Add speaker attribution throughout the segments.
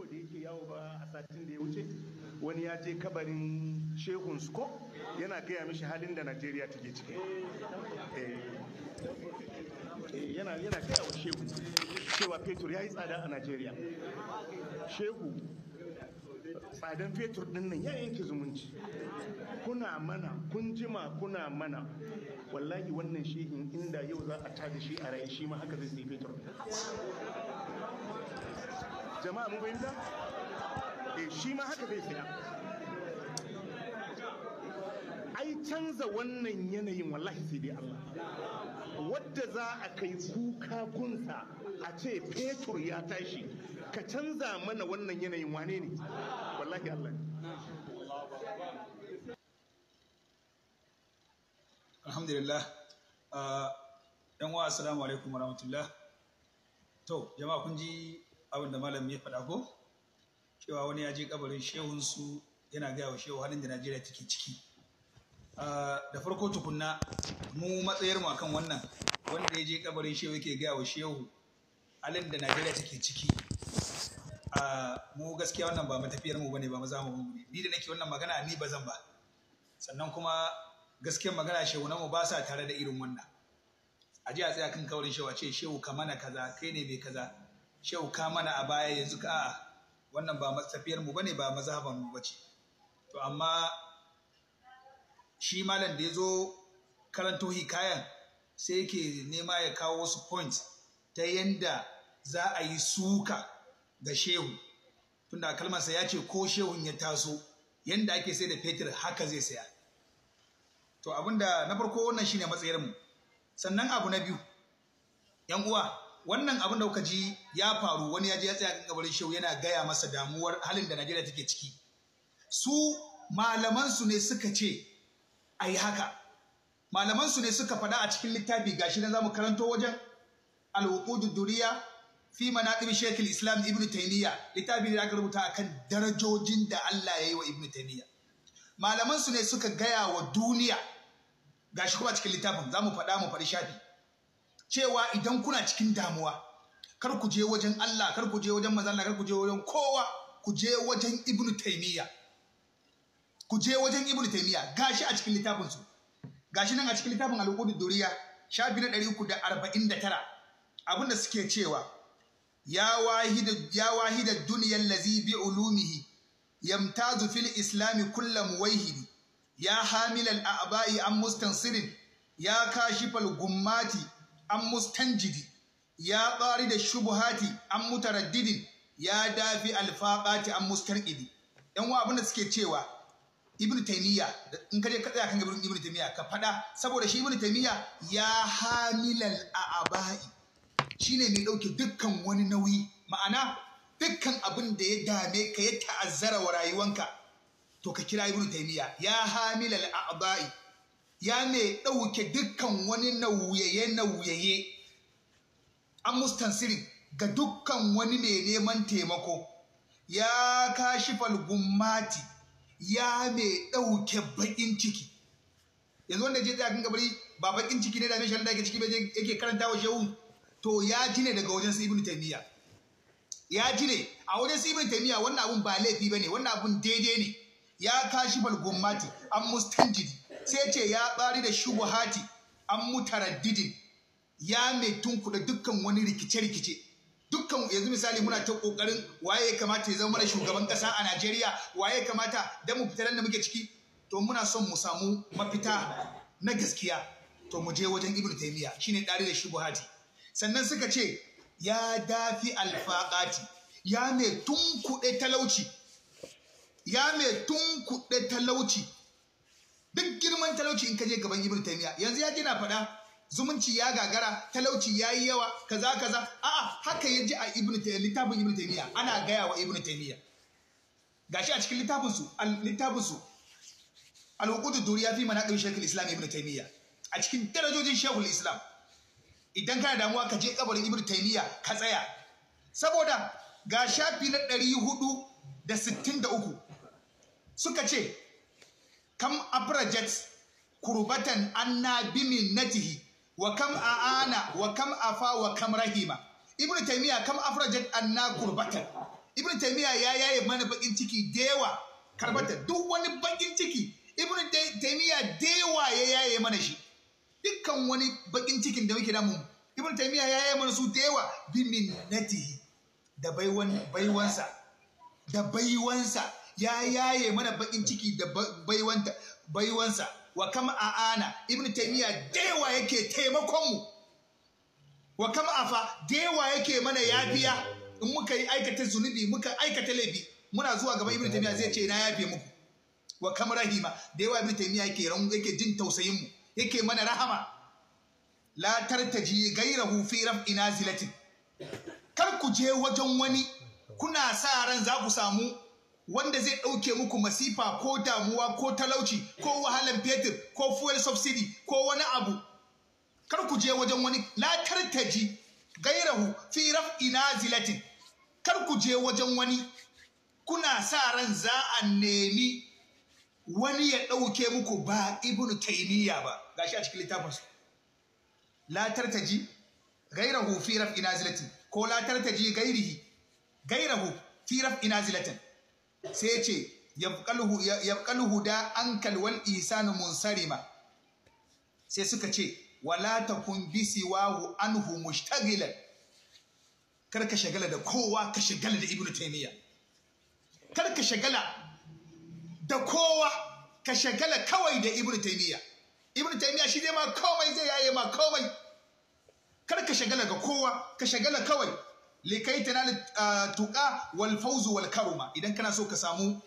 Speaker 1: bidiyo da yake yawo ba a satin da ya wuce wani ya je kabarin shehun sko yana gaya mishi halin da najeriya take ciki eh, eh, yana yana gaya wa shehu cewa fetur ya yi tsada a najeriya shehu tsadan fetur din nan ya yanke
Speaker 2: zumunci kuna mana kun jima kuna mana wallahi wannan shehin inda yau za a tada shi a rai shi ma haka zai sai fetur jama'a mun fahimta eh shi ma haka zai saya ai canza wannan yanayin wallahi sai dai Allah wadda za a kai kuka kunsa a ce fetur ya tashi ka canza mana wannan yanayin wane ne wallahi Allah alhamdulillah ah, yan wa assalamu alaikum warahmatullahi to jama'a kun ji abin da malam ya faɗa ko cewa wani ya je kabarin su yana gaya wa shehu halin da najeriya take ciki ah, da farko tukunna mu matsayar mu akan wannan wanda ya je kabarin shehu yake gaya wa shehu halin da najeriya take ciki ah, mu gaskiya wannan ba matafiyar mu bane ba maza mu ne ni da nake wannan magana ni ba zan ba sannan kuma gaskiyar magana shehu na mu ba sa tare da irin wannan a ji a tsaya kan kawarin shehu a ce shehu ka mana kaza kai ne mai kaza shehu ka mana a baya yanzu ka wannan ba tafiyar mu bane ba mazhaban mu bace to amma shi malam da yazo karanto hikayan sai yake nema ya kawo wasu points ta yanda za a yi suka ga shehu tunda kalmarsa ya ce ko shehun ya taso yanda ake sai da fetir haka zai saya to abinda na farko wannan shine matsayar mu sannan abu na biyu yan uwa wannan abin da kuka ji ya faru wani ya je ya tsaya kan kabarin shehu yana gaya masa damuwar halin da Najeriya take ciki su malaman su ne suka ce ai haka malaman su ne suka faɗa a cikin littafi gashi nan zamu karanto wajen al-wuqud duriya fi manaqib shaykh al-islam ibnu taymiya littafi da aka rubuta akan darajojin da Allah ya yi wa ibnu taymiya malaman su ne suka gaya wa duniya gashi kuma cikin littafin zamu faɗa mu faɗi shafi cewa idan kuna cikin damuwa kar ku je wajen Allah kar ku je wajen mazalla kar ku je wajen kowa ku je wajen ibnu taymiya ku je wajen ibnu taymiya gashi a cikin littafin su gashi nan a cikin littafin al-qudud duriya shafi na 349 abinda suke cewa ya wahida ya wahida dunya allazi bi ulumihi yamtazu fil islam kullam wahidi ya hamilal a'ba'i am mustansirin ya kashifal gummati an mustanjidi ya tsari da shubuhati an mutaraddidin ya dafi alfaqati an mustarqidi yan wa abinda da suke cewa ibn taymiya in kare je ka tsaya kan ibn taymiya ka fada saboda shi ibn taymiya ya hamilal a'abai shine mai ɗauke dukkan wani nauyi ma'ana dukkan abin da ya dame ka ya ta'azzara wa rayuwanka to ka kira ibn taymiya ya hamilal Aba'i. ya mai ɗauke dukkan wani nauyaye-nauyaye an mustansirin ga dukkan wani mai neman taimako ya kashi falgummati ya mai ɗauke baƙin ciki yanzu wanda je tsakin gabari ba baƙin ciki ne da mai da yake ciki ba yake karanta wa shehu to ya ji ne daga wajen sibin taimiyya ya ji ne a wajen sibin taimiyya wannan abun ba laifi bane wannan abun daidai ne ya kashi falgummati an mustanjiri sai ce ya bari da shubuhati an mutaraddidin ya mai tunkuda dukkan wani rikice-rikice dukkan yanzu misali muna ta kokarin waye ya kamata ya zama mana shugaban ƙasa a Najeriya waye ya kamata dan mu fitaran da muke ciki to muna son mu samu mafita na gaskiya to mu je wajen Ibn shi shine dare da shubuhati sannan suka ce ya dafi alfaqati ya mai tunkuɗe talauci ya mai tunkuɗe talauci duk girman talauci in ka je gaban ibn taymiya yanzu ya gina fada zumunci ya gagara talauci ya yi yawa kaza kaza a'a haka ya ji a ibn taymiya littafin ibn taymiya ana gaya wa ibn taymiya gashi a cikin littafin su littafin su al-uqud duriya fi manaqib shaykh al-islam ibn taymiya a cikin darajojin shaykh al-islam idan kana damuwa ka je kabarin ibn taymiya ka tsaya saboda ga shafi na 463 suka ce kam abrajat kurbatan bimin na minnatihi wa kam a Ana, wa kam a Fa, wa kam rahima ibn taymiya kam afrajat anna kurbatan ibn taymiya ya yaye mana bakin ciki dewa karbatan. duk wani bakin ciki ibn taymiya dewa ya yaye mana shi dukkan wani bakin cikin da muke damu ibn taymiya ya yaye mana su dewa bi minnatihi da baiwan da baiwansa ya yaye mana bakin ciki da baiwansa wa kama a'ana ibn taymiya dewa yake taimakon mu wa kama afa dewa yake mana yafiya in muka yi aikata zunubi muka aikata laifi muna zuwa gaba ibn taymiya zai ce na yafe muku wa kama rahima dewa ibn taymiya yake ran yake jin tausayin mu yake mana rahama la tartaji gairahu fi raf'i nazilatin kar ku je wajen wani kuna sa ran za ku samu wanda zai ɗauke muku masifa ko damuwa ko talauci ko wahalan fetur ko fuel subsidy ko wani abu kar ku je wajen wani latar taji gairahu fi ina zilatin. kar ku je wajen wani kuna sa ran za a nemi wani ya ɗauke muku ba ibnu taimiyya ba Ga shi a cikin su latar taji gairahu fi ina zilatin ko latar taji gairihi gairahu fi ina zilatin. sai ce yabqalhu da ankal wal ihsanu munsarima sai suka ce wala takun bisiwahu anhu mushtaghilan kar ka shagala da kowa ka shagala da ibnu taymiya kar ka shagala da kowa ka shagala kawai da ibnu taymiya ibnu taymiya shi ne ma komai zai yaye ma komai kar ka shagala ga kowa ka shagala kawai likai da tuka wal fawzu wal karuma idan kana so ka samu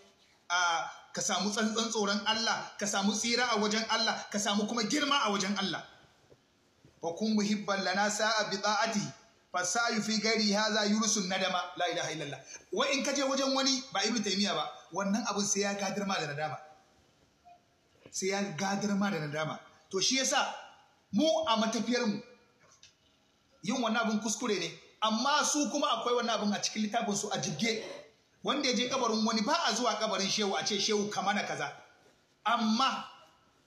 Speaker 2: ka samu tsantsan tsoron Allah ka samu tsira a wajen Allah ka samu kuma girma a wajen Allah wa kun muhibban lana sa'a bi ta'ati fa sa'i fi ghairi hadha yursun nadama la ilaha illallah wa in kaje wajen wani ba ibnu taymiya ba wannan abu sai ya gadar ma da nadama sai ya gadar ma da nadama to shi yasa mu a matafiyar mu yin wannan abin kuskure ne amma su kuma akwai wani abin a cikin littafin su a jigge wanda ya je kabarin wani ba a zuwa kabarin shehu a ce shehu kama na kaza amma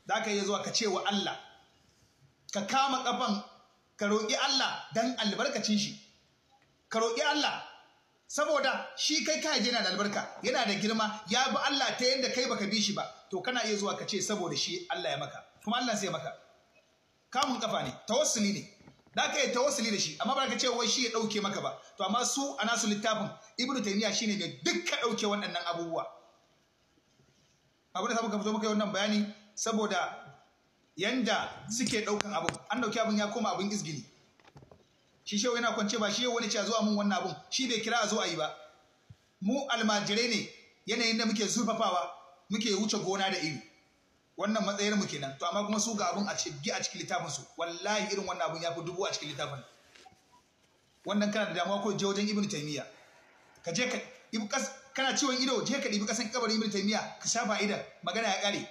Speaker 2: za ka iya zuwa ka ce wa Allah ka kama kafan ka roƙi Allah don albarkacin shi ka roƙi Allah saboda shi kai ka yana da albarka yana da girma ya bi Allah ta yadda kai baka bi shi ba to kana iya zuwa ka ce saboda shi Allah ya maka kuma Allah sai maka kamun kafa ne tawassuli ne da aka yi tawassuli da shi amma ba ka ce wai shi ya dauke maka ba to amma su a nasu littafin ibnu taymiya shine mai dukka dauke waɗannan abubuwa abin da samu fito maka yi wannan bayani saboda yanda suke daukan abun an ɗauki abin ya koma abin izgili shi shehu yana kwance ba shi wani cewa a zo mun wannan abun shi bai kira a zo a yi ba mu almajirai ne yanayin da muke zurfafawa muke wuce gona da iri wannan matsayar mu kenan to amma kuma su ga abun a shigge a cikin littafin su wallahi irin wannan abun ya fi dubu a cikin littafin wannan kana da damuwa ko je wajen ibnu taymiya ka je ka kana ciwon ido je ka ɗibi kasan kabarin ibnu taymiya ka shafa fa'ida magana ya ƙare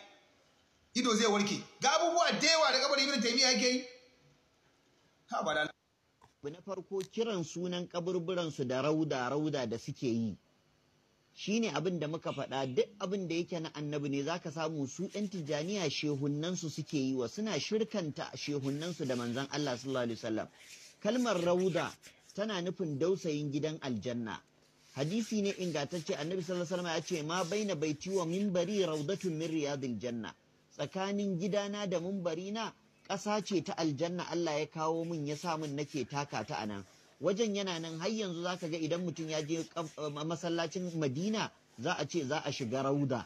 Speaker 2: ido zai warke ga abubuwa da yawa da kabarin ibnu taymiya yake yi ha ba
Speaker 3: na farko kiran sunan su da rauda rauda da suke yi Shi ne abin da muka faɗa duk abin da yake na annabi ne zaka samu su yan tijjaniya shehunnansu suke yi wa suna shirkanta shehunnansu da manzon Allah sallallahu kalmar rauda tana nufin dausayin gidan aljanna hadisi ne ingantacce annabi sallallahu alaihi wasallam ya ce ma baina baiti wa minbari raudatun min riyadil janna tsakanin gidana da na ƙasa ce ta aljanna Allah ya kawo min ya sa nake taka ta anan wajen yana nan har yanzu za ka ga idan mutum ya je eh, masallacin madina za a ce za a shiga rauda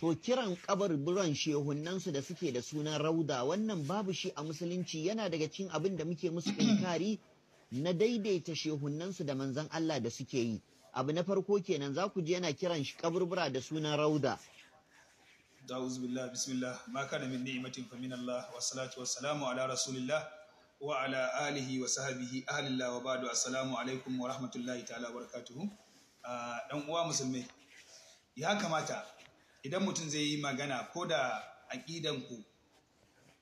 Speaker 3: to kiran buran shehunnansu da suke da sunan rauda wannan babu shi a musulunci yana daga cikin abin da muke musu inkari na daidaita shehunnansu da manzan Allah da suke yi abu na farko kenan za ku je yana kiran shi kaburbura da sunan rauda
Speaker 2: da'uz billah bismillah ma min ni'matin fa min Allah wa salamu ala rasulillah wa ala alihi wa sahabihi ahlillah wa ba'du assalamu alaikum wa rahmatullahi ta'ala barakatuhu ah, uwa musulmi ya kamata idan mutum zai yi magana ko da a ku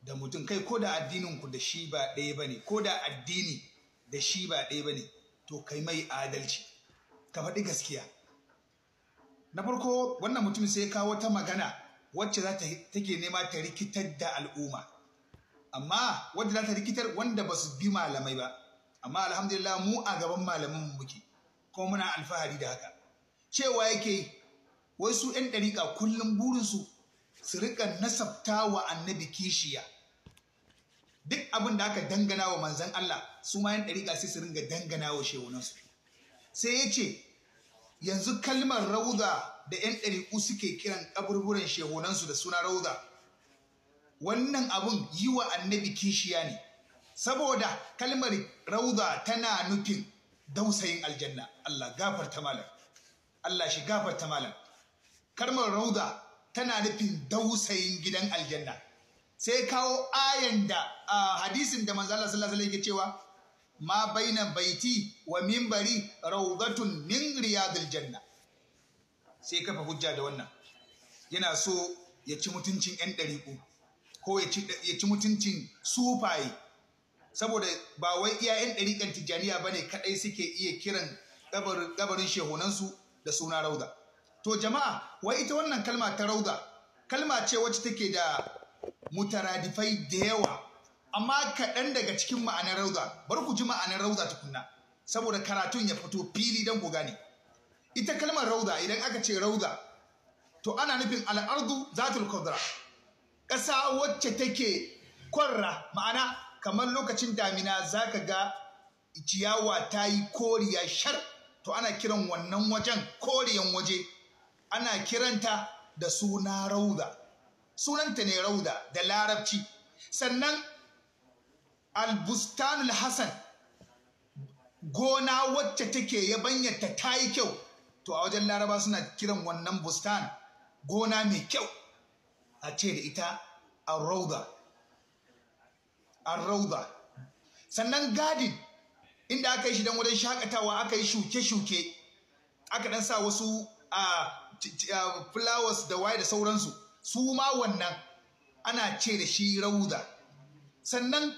Speaker 2: da mutum kai ko da addininku da shi ba ɗaya ba ne, ko da addini da shi ba ɗaya ba ne, to kai mai adalci ka faɗi gaskiya na farko wannan mutum sai kawo ta magana wacce za take nema ta rikitar da al'umma amma wanda za ta rikitar wanda ba su bi malamai ba amma alhamdulillah mu a gaban mu muke kuma muna alfahari da haka cewa yake wai su 'yan ɗariƙa kullum burinsu su riƙa nasabta wa annabi kishiya duk abin da aka dangana wa manzan Allah su ma 'yan ɗariƙa sai su ringa dangana wa shehunansu sai ya ce yanzu kalmar rauza da 'yan ɗariƙu suke kiran ƙaburburan shehunansu da suna rauza. wannan abun yi wa annabi kishiya ne saboda kalmar rauza tana nufin dausayin aljanna Allah gafarta malam Allah shi gafarta malam kalmar rauda tana nufin dausayin gidan aljanna sai kawo ayan da hadisin da manzo Allah sallallahu alaihi yake cewa ma baina baiti wa minbari rawdatun min riyadil janna sai kafa hujja da wannan yana so ya ci mutuncin yan ɗariƙu ko ya ci mutuncin sufaye saboda ba wai iyayen ɗariƙan tijjaniya ba ne kaɗai suke iya kiran ɗabarin shehunansu da suna rauda to jama'a wai ita wannan kalma ta rauda kalma ce wacce take da mutaradifai da yawa amma kaɗan daga cikin ma'anar rauda bar ku ji ma'anar rauda tukunna saboda karatun ya fito fili don goga ne. ita kalmar rauda idan aka ce rauda to ana nufin al'ardu zatul kudra ƙasa wacce take kwarra ma'ana kamar lokacin damina za ka ga ciyawa ta yi koriya shar to ana kiran wannan wajen koriyan waje ana kiranta da suna rauda sunanta ne rauda da larabci sannan albustanul hassan gona wacce take yabanyarta ta yi kyau to a wajen laraba suna kiran wannan bustan gona mai kyau a ce da ita arrauda arrauda sannan gadin inda aka yi shi don wajen shakatawa aka yi shuke-shuke aka dan sa wasu flowers da waye da sauransu su ma wannan ana ce da shi rauda sannan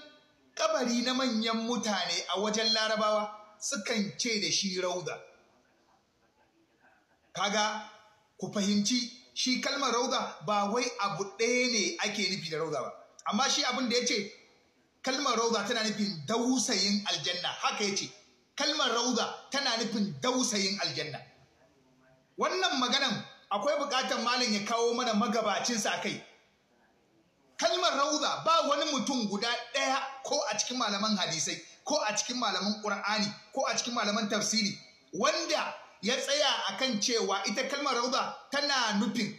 Speaker 2: kabari na manyan mutane a wajen larabawa sukan ce da shi rauda kaga ku fahimci shi kalmar rauda ba wai abu ɗaya ne ake nufi da rauda ba amma shi abin da ya ce kalmar rauda tana nufin dausayin aljanna haka ya ce kalmar rauda tana nufin dausayin aljanna wannan maganan akwai buƙatar malin ya kawo mana magabacinsa a kai kalmar rauda ba wani mutum guda ɗaya ko a cikin malaman hadisai ko a cikin malaman ƙur'ani ko a cikin malaman tafsiri wanda ya tsaya akan cewa ita kalmar rauda tana nufin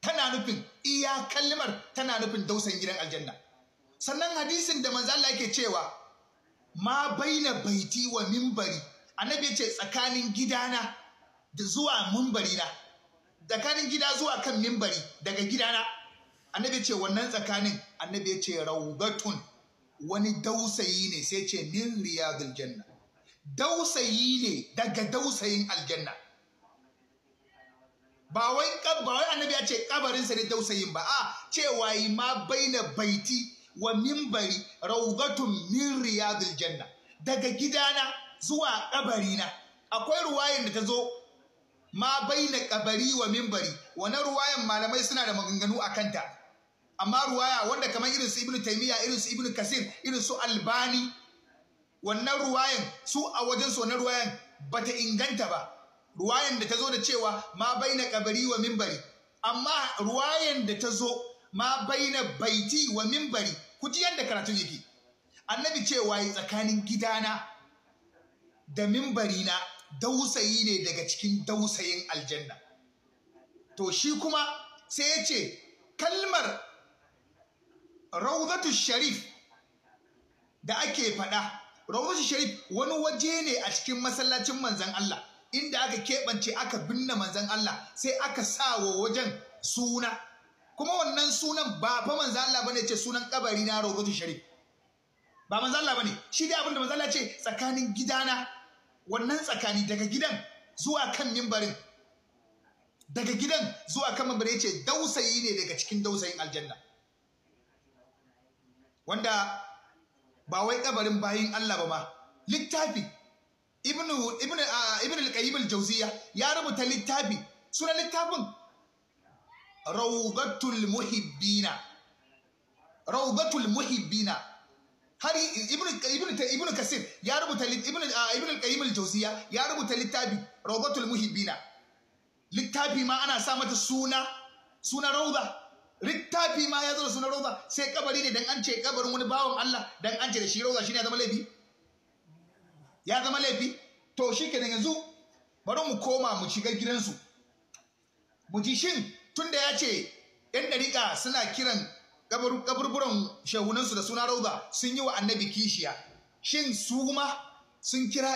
Speaker 2: tana nufin iya kalmar tana nufin dausan gidan aljanna sannan hadisin da manzo Allah yake cewa ma baina baiti wa mimbari annabi ya ce tsakanin gidana da zuwa mimbari na tsakanin gida zuwa kan mimbari daga gidana annabi ya ce wannan tsakanin annabi ya ce raudatun wani dausayi ne sai ce min riyadul janna dausayi ne daga dausayin aljanna ba wai annabi ya ce kabarinsa ne dausayin ba a cewa yi ma baina baiti wa mimbari raugatun min riyadul janna daga gidana zuwa kabarina akwai ruwayan da ta zo ma baina kabari wa mimbari wannan ruwayan malamai suna da maganganu a kanta amma ruwaya wanda kamar irin su ibnu taymiya irin su ibnu kasir irin su albani wannan ruwayan su a wajen su wannan ruwayan ta inganta ba ruwayan da ta zo da cewa ma baina kabari wa mimbari amma ruwayan da ta zo ma baina baiti wa mimbari ku ji yadda karatun yake annabi cewa yi tsakanin gidana da mimbari na dausayi ne daga cikin dausayin aljanna to shi kuma sai ya ce kalmar rauzatu sharif da ake faɗa Rawushi Sharif wani waje ne a cikin masallacin manzan Allah inda aka keɓance aka binne manzan Allah sai aka sa wa wajen suna kuma wannan sunan ba fa manzan Allah bane ce sunan kabari na Rawushi Sharif ba manzan Allah bane shi dai abinda manzan Allah ce tsakanin gidana wannan tsakani daga gidan zuwa kan mimbarin daga gidan zuwa kan mimbarin ce dausayi ne daga cikin dausayin aljanna wanda ba wai kabarin bayin Allah ba ba littafi ibnu ibnu ibnu al-qayyim al-jawziya ya rubuta littafi sunan littafin rawdatul muhibbina rawdatul muhibbina Hari ibnu ibnu ibnu kasir ya rubuta ibnu ibnu al-qayyim al-jawziya ya rubuta littafi rawdatul muhibbina littafi ma ana sa mata suna suna rawda littafi ma ya zo da suna sai kabari ne dan an ce kabarin wani bawan Allah dan an ce da shi shi shine ya zama laifi ya zama laifi to shi kenan yanzu bari mu koma mu shiga gidansu mu ji shin tunda ya ce yan dariƙa suna kiran kaburburan shahunansu da suna Roza, sun yi wa annabi kishiya shin su ma sun kira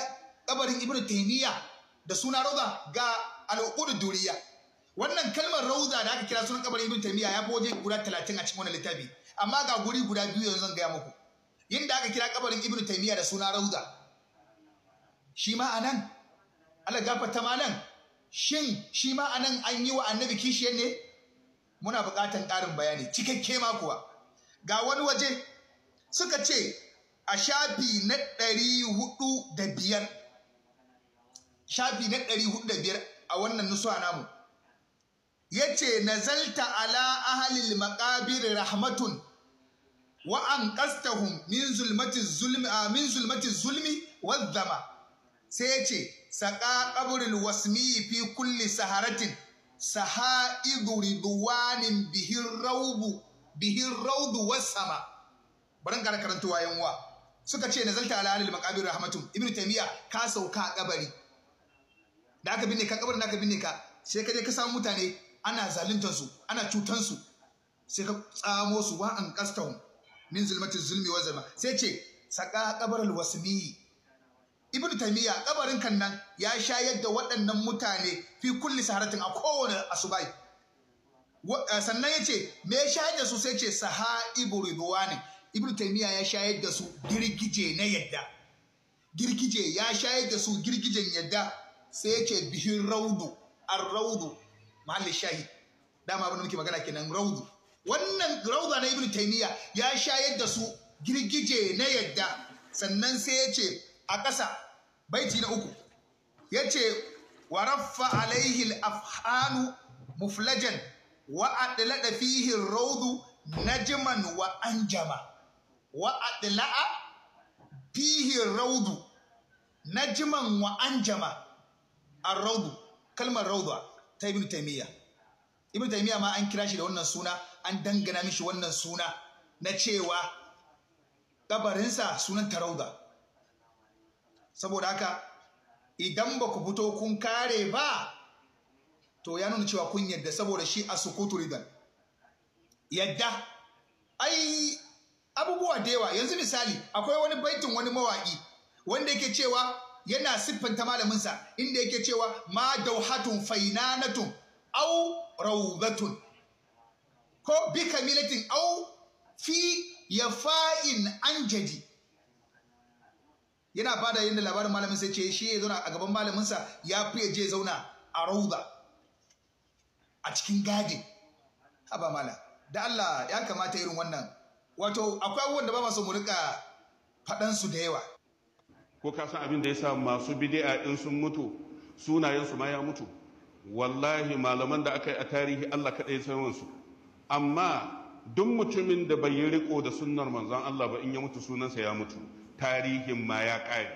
Speaker 2: ƙabarin ibnu taymiya da suna Roza ga aluƙudu duriya wannan kalmar rauza da aka kira sunan kabarin ibn taymiya ya fi waje guda talatin a cikin wannan littafi amma ga guri guda biyu yanzu zan gaya muku yadda aka kira kabarin ibn taymiya da suna rauza shi ma anan Allah ta ma nan shin shi ma anan an yi wa annabi kishiyar ne muna buƙatar ƙarin bayani cikakke ma kuwa ga wani waje suka ce a shafi na ɗari hudu da biyar shafi na ɗari hudu da biyar a wannan nusuwa namu Ya na nazalta ala ahalil maqabir rahmatun wa kastahun min zulmatin zulmi min zulmati zulmi ah, wadh-dhama sai ce saƙa ƙaburin wasmi fi kulli saharatin saha'idu ridwanin bihin raubu bihin raubu was-sama ƙara karanta karantuwa yanwa suka ce zalta ala ahlil maqabir rahmatun Ibn taymiya ka sauka kabari da aka binne ka kabarin da aka binne ka sai ka je ka samu mutane ana zaluntar su ana cutar su sai ka tsamo su wa an kastahum min zulmati zulmi wa zulma sai ce saka kabarul wasmi ibnu taymiya kabarin kan nan ya sha yadda waɗannan mutane fi kulli saharatin a kowane asubai eh, sannan ya ce me ya sha yadda su sai ce Saha ridwani ibnu taymiya ya sha yadda su girgije na yadda girgije ya sha yadda su girgijen yadda sai ya ce bihin raudu ar raudu mahallin shahi dama abin da muke magana kenan raudu wannan rauda na ibnu taymiya ya shayar da su girgije na yadda sannan sai ya ce a ƙasa baiti na uku ya ce wa raffa alaihi afhanu muflajan wa adlada fihi raudu najman wa anjama wa adlaa fihi raudu najman wa anjama ar-raudu kalmar rauda ta ibn taymiya ibn taymiya ma an kira shi da wannan suna an dangana mishi wannan suna na cewa kabarinsa sunan tarauda saboda haka idan ba ku fito kun kare ba to ya nuna cewa kun yadda saboda shi a sukutu ridan yadda ai abubuwa da yawa yanzu misali akwai wani baitin wani mawaƙi wanda yake cewa yana siffanta malaminsa inda yake cewa ma dauhatun fainanatun au raubatun ko bi kamilatin au fi ya fa'in an jadi yana bada yadda labarin malaminsa sai ce shi ya zauna a gaban malaminsa ya fi je zauna a rauba a cikin gadi haba mala da Allah ya kamata irin wannan wato akwai abubuwan da ba masu mu rika faɗansu da yawa
Speaker 4: ko ka san abin da ya sa masu bid'a in sun mutu sunayensu ma ya mutu wallahi malaman da aka yi a tarihi Allah kaɗai sanwansu amma duk mutumin da bai yi riko da sunnar manzon Allah ba in ya mutu sunansa ya mutu tarihin ma ya ƙare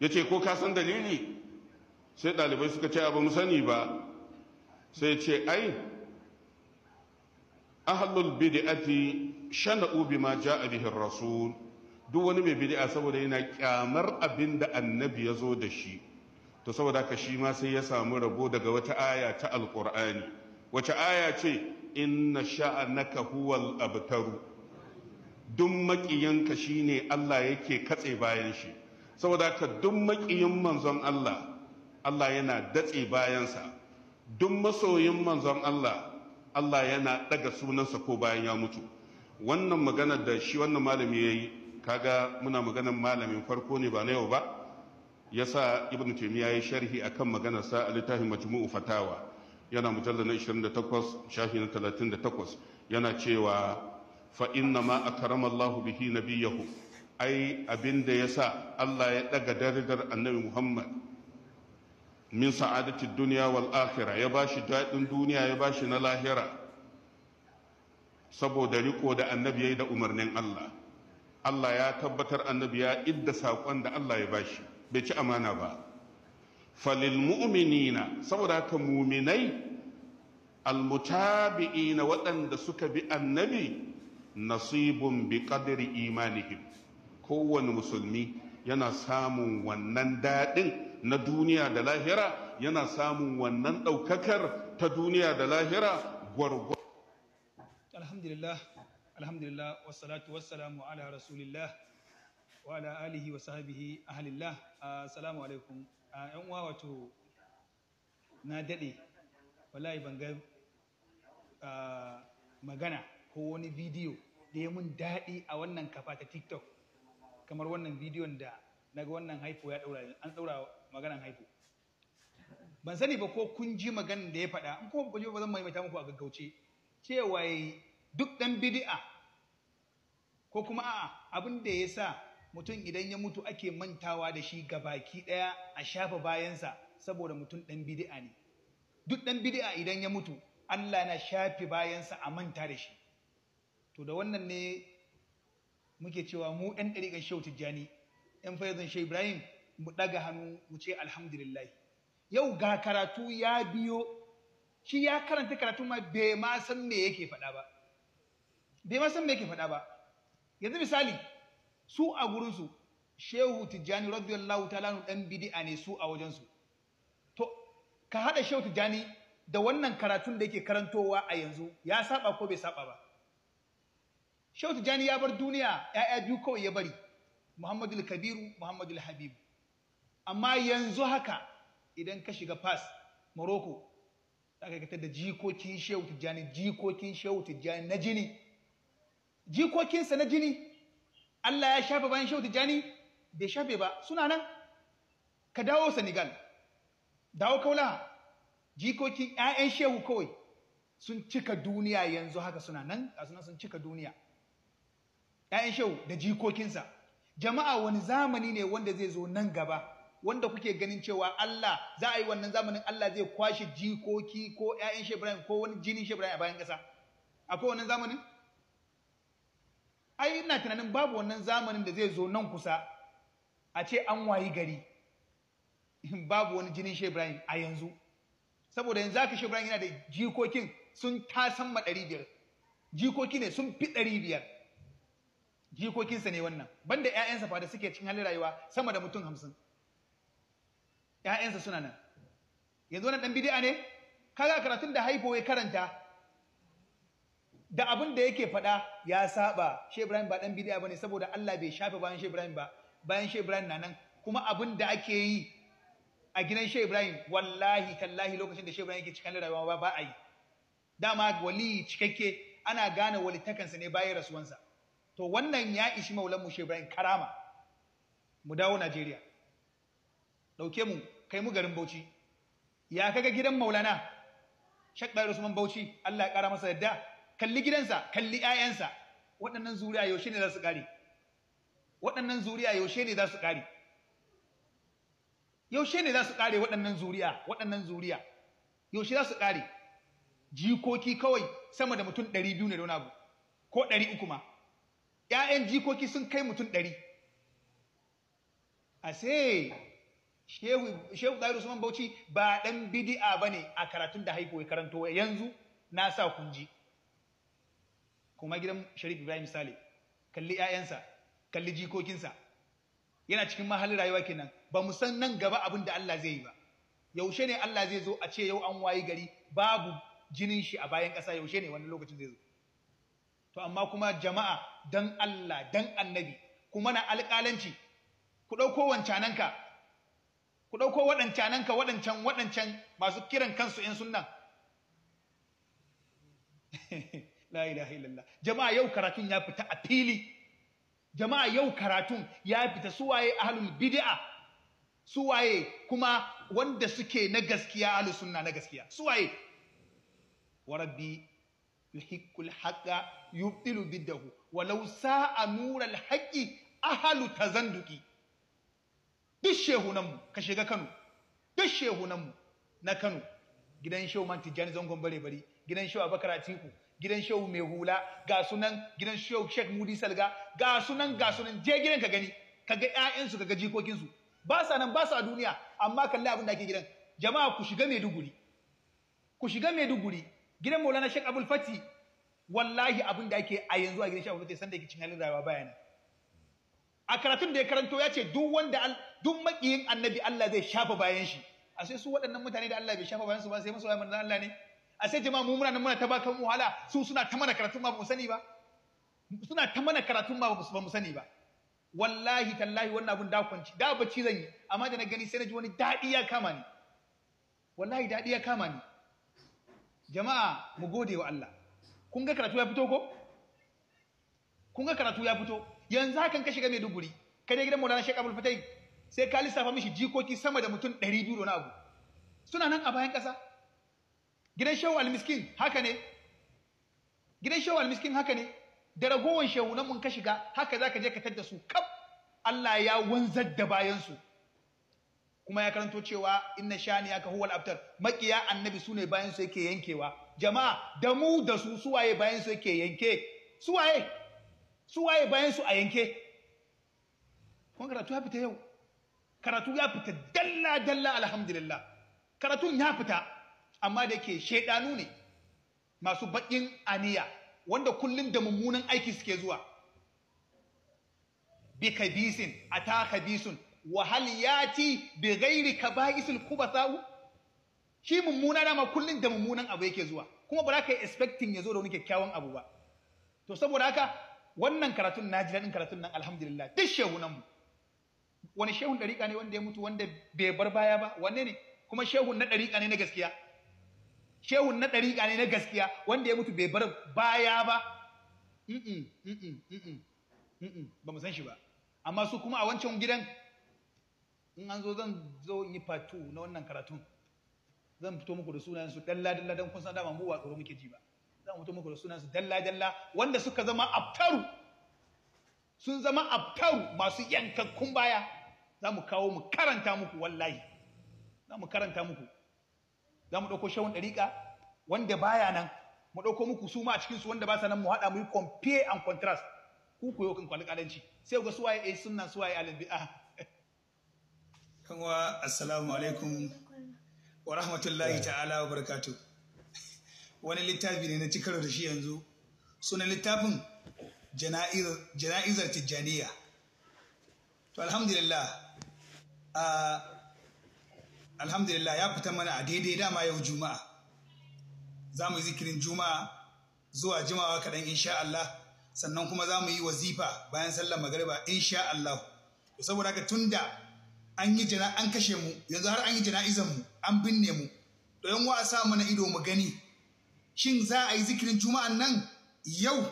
Speaker 4: ya ce ko ka san dalili sai ɗalibai suka ce abu sani ba sai ce ai ahlul bid'ati shana'u bima ja'a bihi rasul duk wani mai bid'a saboda yana kyamar abin da annabi ya zo da shi to saboda ka shi ma sai ya samu rabo daga wata aya ta alqur'ani wace aya ce inna sha'anaka huwal abtaru duk makiyanka shine Allah yake katse bayan shi saboda ka duk makiyin manzon Allah Allah yana datse bayansa duk masoyin manzon Allah Allah yana daga sunansa ko bayan ya mutu wannan magana da shi wannan malami yayi kaga muna maganan malamin farko ne ba na yau ba Ya sa ibn taymiya yayi sharhi a kan maganar sa littafin majmu'u fatawa yana mujallar na 28 shafi na 38 yana cewa fa inna ma akrama Allahu bihi biyahu. ai abin da ya sa Allah ya daga darajar annabi Muhammad min sa'adatin duniya wal akhira ya bashi daɗin duniya ya bashi na lahira saboda riko da annabi ya yi da umarnin Allah Allah ya tabbatar annabi ya idda saƙon da Allah ya bashi bai ci amana ba falil mu'minina saboda haka muminai almutabi'ina waɗanda suka bi annabi nasibun bi qadri imanihim kowane musulmi yana samun wannan daɗin na duniya da lahira yana samun wannan ɗaukakar ta duniya da lahira gwargwar
Speaker 2: alhamdulillah alhamdulillah wassalatu wassalamu ala rasulillah wa ala alihi wa sahbihi ahlillah ah, assalamu alaikum ah, yan uwa wato na dade wallahi ban ga ah, magana ko wani bidiyo da ya mun daɗi a wannan kafa ta tiktok kamar wannan bidiyon da naga wannan haifo ya daura an daura maganan haifo ban sani ba ko kun ji maganan da ya faɗa in kuma ba zan maimaita muku a gaggauce cewa duk dan bidi'a ko kuma a abin da ya sa mutum idan ya mutu ake mantawa da shi ga baki ɗaya a shafa bayansa saboda mutum ɗan bidi'a ne duk ɗan bidi'a idan ya mutu Allah na shafe bayansa a manta da shi to da wannan ne muke cewa mu ɗan ɗariƙar shau tijjani ɗan fayyazan shai ibrahim mu ɗaga hannu mu ce alhamdulillah yau ga karatu ya biyo shi ya karanta karatu ma bai ma san me yake faɗa ba bai ma san me yake faɗa ba yanzu misali su a gurinsu shehu tijjani radiyallahu ta'ala dan bid'a ne su a wajensu to ka haɗa shehu tijjani da wannan karatun da yake karantowa a yanzu ya saba ko bai saba ba shehu tijjani ya bar duniya ya'ya biyu kawai ya bari Muhammadu kabiru muhammadul habibu amma yanzu haka idan ka shiga fas morocco za ka da jikokin shehu tijjani jikokin shehu tijjani na jini jikokinsa na jini Allah ya shafe bayan shehu tijjani bai shafe ba suna nan ka dawo senegal dawo kaula jikokin 'ya'yan shehu kawai sun cika duniya yanzu haka suna nan a suna sun cika duniya 'ya'yan shehu da jikokinsa jama'a wani zamani ne wanda zai zo nan gaba wanda kuke ganin cewa Allah za a yi wannan zamanin Allah zai kwashe jikoki ko 'ya'yan shehu ko wani jinin shehu a bayan ƙasa akwai wannan zamanin ai ina tunanin babu wannan zamanin da zai zo nan kusa a ce an wayi gari babu wani jinin shi a yanzu saboda yanzu aka shi Ibrahim yana da jikokin sun tasan ma ɗari biyar jikoki ne sun fi ɗari biyar jikokinsa ne wannan banda ‘ya'yansa fa da suke cin halin rayuwa sama da mutum hamsin ‘ya'yansa suna nan yanzu wannan ɗan bidi'a ne kaga karatun da haifo ya karanta da abin da yake faɗa ya saba shi Ibrahim ba dan bidiya bane saboda Allah bai shafe bayan shi Ibrahim ba bayan shi Ibrahim na nan kuma abin da ake yi a gidan shi Ibrahim wallahi tallahi lokacin da shi Ibrahim yake cikin rayuwa ba ba a yi dama wali cikakke ana gane walitakansa ne bayan rasuwansa to wannan ya ishi maulan mu shi Ibrahim karama mu dawo Najeriya dauke mu kai mu garin Bauchi ya kaga gidan Maulana Shakdar Usman Bauchi Allah ya kara masa yadda kalli gidansa kalli 'ya'yansa waɗannan zuriya yaushe ne za su ƙare waɗannan zuriya yaushe ne za su ƙare yaushe ne za su ƙare waɗannan zuriya waɗannan zuriya yaushe za su ƙare jikoki kawai sama da mutum ɗari biyu ne da wani abu ko ɗari uku ma ‘ya'yan jikoki sun kai mutum ɗari a sai shehu ɗari usman bauchi ba ɗan bidi'a ba ne a karatun da haiku ya karanto yanzu na sa kunji ji kuma gidan Sharif Ibrahim Sale kalli 'ya'yansa kalli jikokinsa yana cikin mahallin rayuwa kenan ba mu san nan gaba abin da Allah zai yi ba yaushe ne Allah zai zo a ce yau an wayi gari babu jinin shi a bayan ƙasa yaushe ne wani lokacin zai zo to amma kuma jama'a dan Allah dan annabi kuma na alƙalanci ku ɗauko wancananka ku ɗauko waɗancananka waɗancan waɗancan masu kiran kansu 'yan sunnan la ilaha illallah jama'a yau karatun ya fita a fili jama'a yau karatun ya fita suwaye ahlul bid'a suwaye kuma wanda suke na gaskiya ahlus sunna na gaskiya suwaye wa rabbi yuhiqqul haqqa yubtilu biddahu walau sa'a nural haqqi ahlu tazanduki duk shehunanmu ka shiga Kano duk shehunanmu na Kano gidan shehu man tijjani zangon bare bare gidan shehu abakar atiku gidan shehu mai hula ga sunan gidan shehu shek mudi salga ga sunan ga sunan je gidan ka gani ka ga ƴaƴansu ka ga jikokinsu ba sa nan ba sa duniya amma kalli abin da ake gidan jama'a ku shiga maiduguri ku shiga maiduguri gidan maulana shek abul fati wallahi abin da ake a yanzu a gidan shehu abul fati sanda yake cin halin rayuwa bayanan a karatun da ya karanto ya ce duk wanda duk makiyin annabi Allah zai shafa bayan shi a sai su waɗannan mutane da Allah bai shafa bayan su ba sai masoya manzon Allah ne a sai jama'a mu muna nan muna ta ba kan wahala su suna ta mana karatun ba mu sani ba suna ta mana karatun ma ba mu sani ba wallahi tallahi wannan abun da kwanci da bacci zan yi amma da na gani sai na ji wani daɗi ya kama ni wallahi daɗi ya kama ni jama'a mu gode wa Allah kun ga karatu ya fito ko kun ga karatu ya fito yanzu hakan ka shiga mai duguri ka dai gidan Maulana Sheikh Abdul Fatai sai ka lissafa mishi jikoki sama da mutum 200 na abu suna nan a bayan ƙasa gidan shehu almiskin haka ne gidan shehu almiskin haka ne da ragowan shehu na mun ka shiga haka za ka je ka tadda su kaf Allah ya wanzar da bayan su kuma ya karanto cewa inna shani aka huwal abtar makiya annabi su ne bayan su yake yankewa jama'a da mu da su suwaye bayan su yake yanke suwaye suwaye bayan su a yanke kun karatu ya fita yau karatu ya fita dalla dalla alhamdulillah karatun ya fita amma da ke shaidanu ne masu baƙin aniya wanda kullum da mummunan aiki suke zuwa bi kabisin ta kabisun wa ka yati bi ghairi kaba'isil sa'u shi mummuna dama kullum da mummunan abu yake zuwa kuma ba za ka yi expecting ya zo da wani kyakkyawan abu ba to saboda haka wannan karatun na ji daɗin karatun nan alhamdulillah duk shehunan mu wani shehun ɗariƙa ne wanda ya mutu wanda bai bar baya ba wanne ne kuma shehun na ɗariƙa ne na gaskiya shehun na ɗariƙa ne na gaskiya wanda ya mutu bai bar baya ba ba mu san shi ba amma su kuma a wancan gidan in an zo zan zo in yi fatu na wannan karatun zan fito muku da sunayen su dalla dalla don kun san dama mu ba tsoro muke ji ba zan fito muku da sunayen su dalla dalla wanda suka zama aftaru sun zama aftaru masu yankakkun baya za mu kawo mu karanta muku wallahi za mu karanta muku za mu ɗauko shawun ɗariƙa wanda baya nan mu ɗauko muku su ma a cikinsu wanda ba sa nan mu haɗa mu yi compare and contrast ku koyo kan sai ga suwaye A sunna suwaye a lalbi'a. kanwa assalamu alaikum wa rahmatullahi ta'ala wa barakatu wani littafi ne na ci da shi yanzu sunan littafin jana'izar tijjaniya to alhamdulillah a ah, alhamdulillah ya fita mana a daidai dama yau juma'a za mu yi zikirin juma'a zuwa jimawa kaɗan insha Allah sannan kuma za mu yi wazifa bayan sallar magariba insha Allah saboda haka tun an yi jana an kashe mu yanzu har an yi jana'izan mu an binne mu to yan wa a sa mana ido mu gani shin za a yi zikirin juma'an nan yau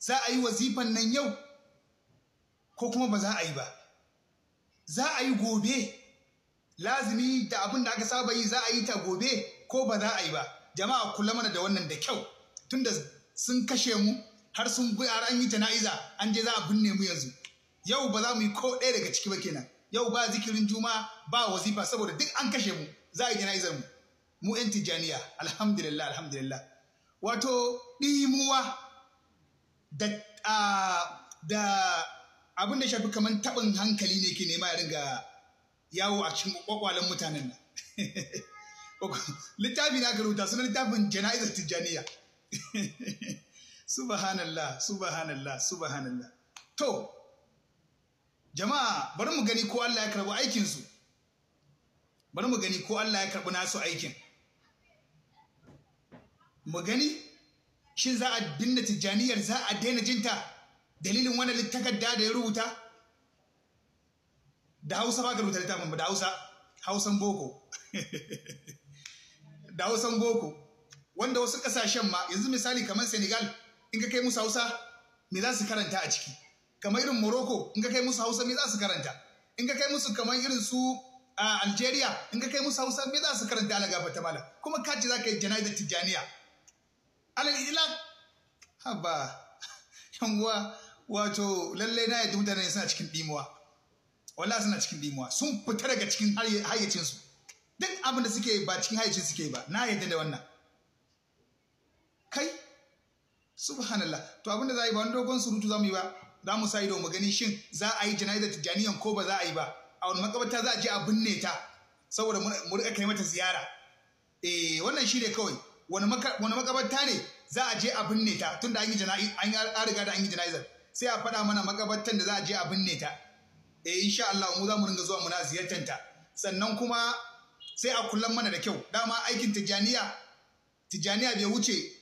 Speaker 2: za a yi wazifan nan yau ko kuma ba za a yi ba za a yi gobe lazimi da abin da aka saba yi za a yi ta gobe ko ba za a yi ba jama'a kula mana da wannan da kyau tunda sun kashe mu har sun har an yi jana'iza an je za a binne mu yanzu yau ba za mu yi ko ɗaya daga ciki ba kenan yau ba zikirin juma ba wazifa saboda duk an kashe mu za a yi jana'izar mu mu yan tijaniya alhamdulillah alhamdulillah wato ɗimuwa da ah, da abin da shafi kamar taɓin hankali ne ke nema ya ringa yawo a cikin kwakwalen mutanen nan littafi na karuta suna littafin jana'izar tijjaniya subhanallah subhanallah subhanallah to jama'a bari mu gani ko Allah ya karbi aikinsu bari mu gani ko Allah ya karbi nasu aikin mu gani shin za a dinna tijjaniyar za a daina jinta dalilin wani littakar da ya rubuta da hausa ba ka rubuta littafin ba da hausa hausan boko da hausan boko wanda wasu kasashen ma yanzu misali kamar senegal in ka kai musu hausa me za su karanta a ciki kamar irin morocco in ka kai musu hausa me za su karanta in ka kai musu kamar irin su a algeria in ka kai musu hausa me za su karanta ala gaba ta mala kuma ka ce za ka yi da tijjaniya alal ila haba yan wato lallai na yadda mutane suna cikin dimuwa wallahi suna cikin dimuwa sun fita daga cikin hayyacinsu duk abin da suke ba cikin hayyacin suke ba na yadda da wannan kai subhanallah to abin da za a yi ba wani dogon surutu za mu yi ba za mu sa ido mu gani shin za a yi jana'izar tijjaniyan ko ba za a yi ba a wani makabarta za a je a binne ta saboda mu riƙa kai mata ziyara eh wannan shi ne kawai wani makabarta ne za a je a binne ta tunda an yi jana'i an riga da an yi jana'izar sai a faɗa mana makabartan da za a je a binne ta eh insha Allah mu za mu ringa zuwa muna ziyartanta sannan kuma sai a kullan mana da kyau dama aikin tijaniya tijaniya bai wuce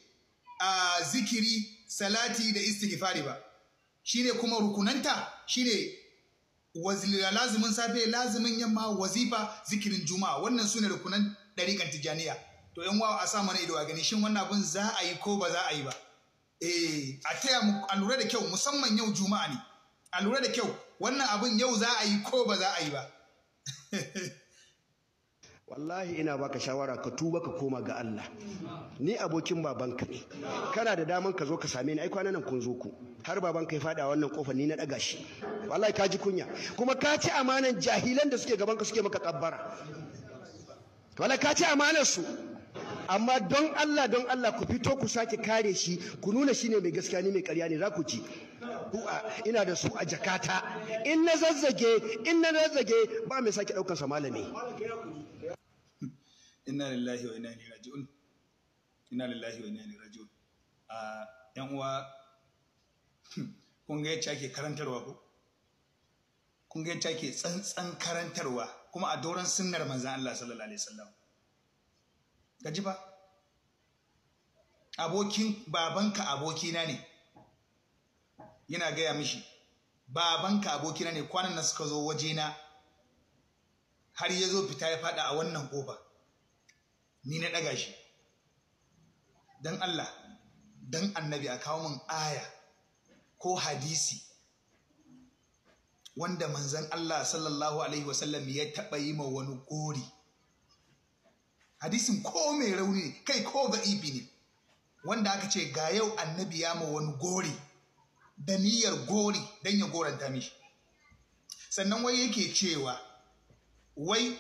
Speaker 2: a zikiri salati da istighfari ba shine kuma rukunanta shine lazumin safe lazumin yamma wazifa zikirin juma'a wannan sune rukunan dariƙar tijaniya to yan wawa a sa mana ido a gani shin wannan abin za a yi ko ba za a yi ba eh a taya mu a lura da kyau musamman yau juma'a ne a lura da kyau wannan abin yau za a yi ko ba za a yi ba
Speaker 1: wallahi ina baka shawara ka tuba ka koma ga Allah ni abokin babanka ne kana da daman ka zo ka same ni ai kwana nan kun zo ku har babanka ya fada wannan kofa ni na daga shi wallahi ka ji kunya kuma ka ci amanan jahilan da suke gaban ka suke maka kabbara wallahi ka ci amanan su amma don Allah don Allah ku fito ku sake kare shi ku nuna shine mai gaskiya ne mai ƙarya ne za ku ci marfu'a ina da su a jakata in na zazzage in na zazzage ba mai sake daukar sa malami
Speaker 2: inna lillahi wa inna ilaihi raji'un inna lillahi wa inna ilaihi raji'un a yan uwa kun ga yacce ake karantarwa ko kun ga yacce ake tsantsan karantarwa kuma a doron sunnar manzon Allah sallallahu alaihi wasallam gaji ba abokin babanka abokina ne yana gaya mishi babanka abokina ne kwanan nan suka zo waje na. har ya zo fita ya fada a wannan kofa ni na ɗaga shi don Allah don annabi a kawo min aya ko hadisi wanda manzan Allah sallallahu alaihi wasallam ya taɓa yi ma wani gori hadisin ko mai rauni kai ko ga ibi ne wanda aka ce ga yau annabi ya ma wani gori da niyyar gori don ya goranta mishi sannan wai yake cewa wai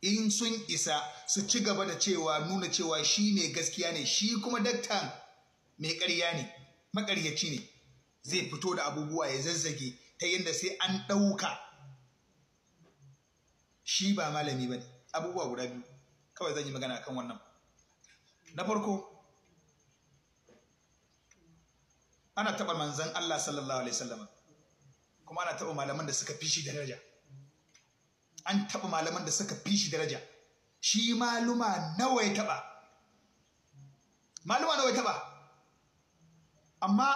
Speaker 2: in sun isa su ci gaba da cewa nuna cewa shi ne gaskiya ne shi kuma daktan mai karya ne makaryaci ne zai fito da abubuwa ya zazzage ta yadda sai an ɗauka shi ba malami ba ne abubuwa guda biyu kawai zan yi magana kan wannan na farko ana taɓa manzan Allah sallallahu alaihi wasallam kuma ana taɓa malaman da suka fi shi daraja an taɓa malaman da suka fi shi daraja shi maluma nawa ya taɓa maluma nawa ya taɓa amma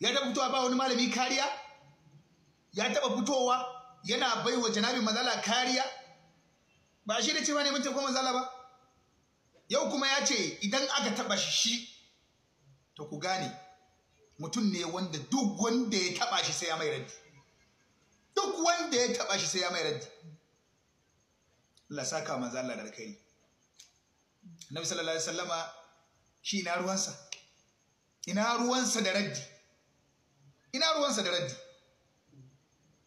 Speaker 2: ya taɓa fitowa ba wani malami kariya ya taɓa fitowa yana bai wa janabi mazala kariya ba shi da cewa ne mutum kuma mazala ba yau kuma ya ce idan aka taɓa shi to ku gane mutum ne wanda duk wanda ya taba shi sai ya mai raddi duk wanda ya taba shi sai ya mai raddi Allah saka manzo Allah da kai Annabi sallallahu alaihi wasallama shi ina ruwansa ina ruwansa da raddi ina ruwansa da raddi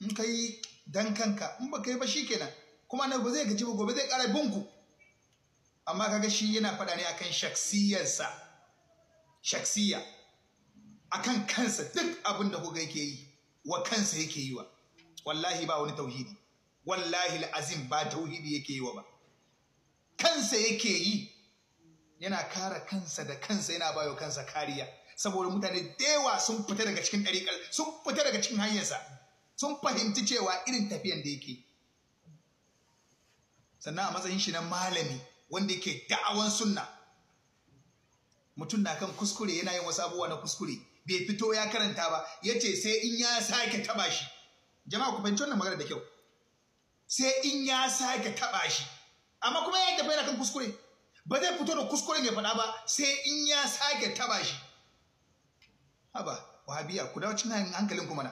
Speaker 2: in kai dan kanka in ba kai ba shikenan kuma na ba zai gaji ba gobe zai kara bunku amma kaga shi yana faɗa ne akan shaksiyarsa shaksiya akan kansa duk abin da kuka yake yi wa kansa yake yi wa wallahi ba wani tauhidi wallahi azim ba tauhidi yake yi wa ba kansa yake yi yana kara kansa da kansa yana bayo kansa kariya saboda mutane da yawa sun fita daga cikin ɗariƙar sun fita daga cikin hanyarsa sun fahimci cewa irin tafiyan da yake sannan a matsayin shi na malami wanda yake da'awan sunna mutum na kan kuskure yana yin wasu abubuwa na kuskure bai fito ya karanta ba ya ce sai in ya sake taba shi jama'a ku fahimci wannan magana da kyau sai in ya sake taba shi amma kuma ya tafi yana kan kuskure ba zai fito da kuskuren ya faɗa ba sai in ya sake taba shi haba wahabiya ku dawo cin hankalin ku mana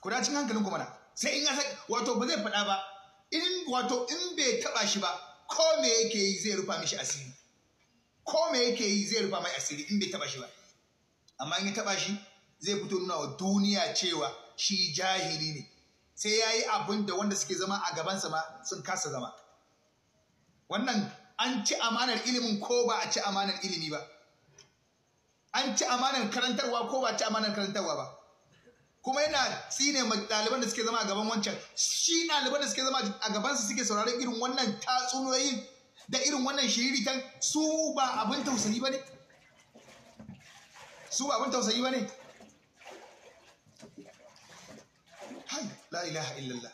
Speaker 2: ku dawo cin hankalin ku mana sai in ya sake wato ba zai faɗa ba in wato in bai taba shi ba ko me yake yi zai rufa mishi asiri ko me yake yi zai rufa mai asiri in bai taba shi ba amma in ya taba shi zai fito nuna wa duniya cewa shi jahili ne sai ya yi abin da wanda suke zama a gabansa ma sun kasa zama wannan an ci amanar ilimin ko ba a ci amanar ilimi ba an ci amanar karantarwa ko ba a ci amanar karantarwa ba kuma yana tsine ɗaliban da suke zama a gaban wancan shi ɗaliban da suke zama a gabansa suke sauraron irin wannan tatsuniyoyin da irin wannan shiriritan su ba abin tausayi ba ne su ba abin tausayi ba ne hai la ilaha illallah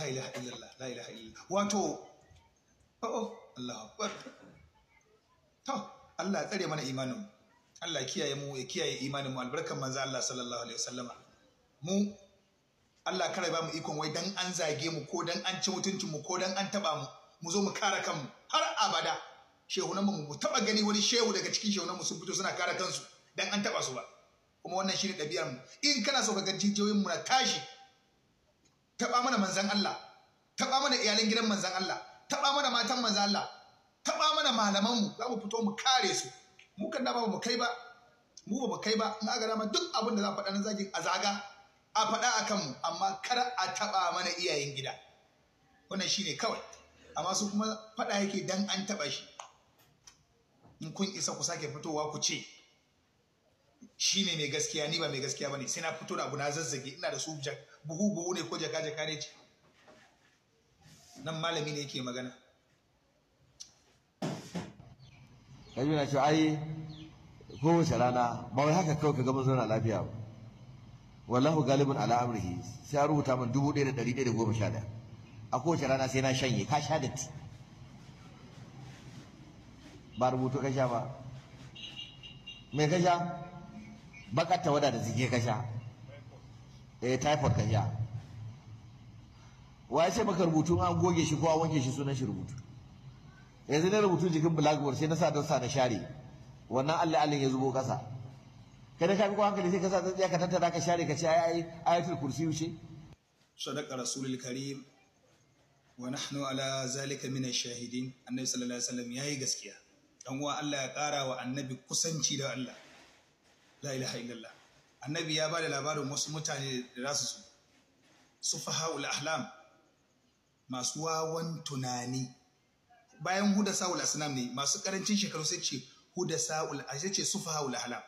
Speaker 2: la ilaha illallah la ilaha illallah wato oh, oh Allahu akbar to Allah tsare mana imanin Allah kiyaye mu ya kiyaye imanin mu albarkan manzo Allah sallallahu alaihi wasallama mu Allah kare ba mu ikon wai dan an zage mu ko dan an ci mutuncin mu ko dan an taba mu mu zo mu kare kanmu har abada shehunan mu mu taba gani wani shehu daga cikin shehunan mu sun fito suna kare kansu dan an taba su ba kuma wannan shine ɗabi'ar mu in kana so ka ga jijiyoyin mu na tashi taba mana manzan Allah taba mana iyalan gidan manzan Allah taba mana matan manzan Allah taba mana malaman mu za mu fito mu kare su mu kan da ba mu kai ba mu ba mu kai ba in aka dama duk abin da za a faɗa na zaki a zaga a faɗa a mu amma kar a taba mana iyayen gida wannan shine kawai amma su kuma faɗa yake dan an taba shi in kun isa ku sake fitowa ku ce shi ne mai gaskiya ni ba mai gaskiya ba ne sai na fito da abu na zazzage ina da su buhu buhu ne ko jaka jaka ne ce nan malami ne yake magana
Speaker 1: kaji na cewa ai kowace rana ba wai haka kawai ka gama zauna lafiya ba wallahu galibin ala amrihi sai a rubuta min dubu ɗaya da ɗari ɗaya da goma sha ɗaya
Speaker 3: a kowace rana sai na shanye ka sha ti ba rubutu ka sha ba me ka sha bakar tawada da zike ka sha eh typhoid ka sha
Speaker 1: wa ya ce maka rubutu an goge shi ko an wanke shi sunan shi rubutu yanzu ne rubutu jikin blackboard sai na sa don sa na share wannan allah allah ya zubo kasa kada ka bi ko hankali sai ka sa tsatsiya ka tattara ka share ka ce ai ayatul kursi wuce
Speaker 2: sadaqa rasulul karim wa nahnu ala zalika min ash-shahidin annabi sallallahu alaihi wasallam yayi gaskiya dan uwa allah ya kara wa annabi kusanci da allah la ilaha illallah annabi ya bada labarin wasu mutane da za su su sufahaul ahlam masu wawan tunani bayan huda sa'ul asnam ne masu karancin shekaru sai ce huda sa'ul a ce ahlam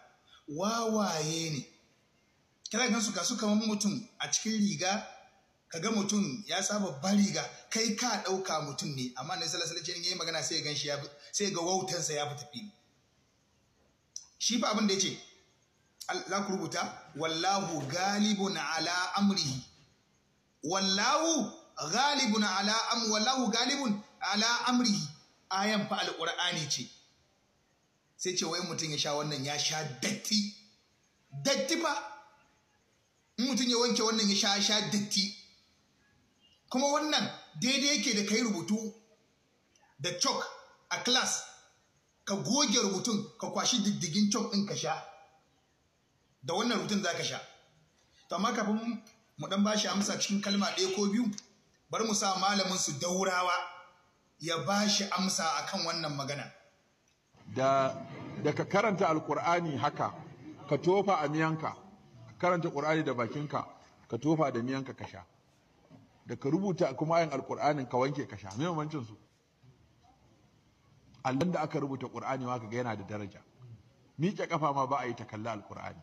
Speaker 2: wawaye ne kira gansu ga su kamar mutum a cikin riga ka ga mutum ya saba babban riga kai ka ɗauka mutum ne amma na sallallahu alaihi wasallam yayi magana sai ya ga wautansa ya fi tafi shi ba abin da ya ce za rubuta wallahu galibun ala amrihi wallahu galibun ala am wallahu galibun ala amrihi ayan fa alqur'ani ce sai ce wai mutum ya sha wannan ya sha datti datti fa in mutum ya wanke wannan ya sha sha datti kuma wannan daidai yake da kai rubutu da chalk a class ka goge rubutun ka kwashi diddigin chalk ɗin ka sha da wannan rutun za ka sha to amma kafin mu dan bashi amsa cikin kalma ɗaya ko biyu bar mu sa malamin su daurawa ya bashi amsa akan wannan magana
Speaker 5: da ka karanta Alƙur'ani haka ka tofa a miyanka ka karanta qur'ani da bakinka ka tofa da miyanka ka sha da ka rubuta kuma ayin Alƙur'anin ka wanke ka sha me su allon da aka rubuta qur'ani ma ga yana da daraja miƙe kafa ma ba a yi ta kalla alkur'ani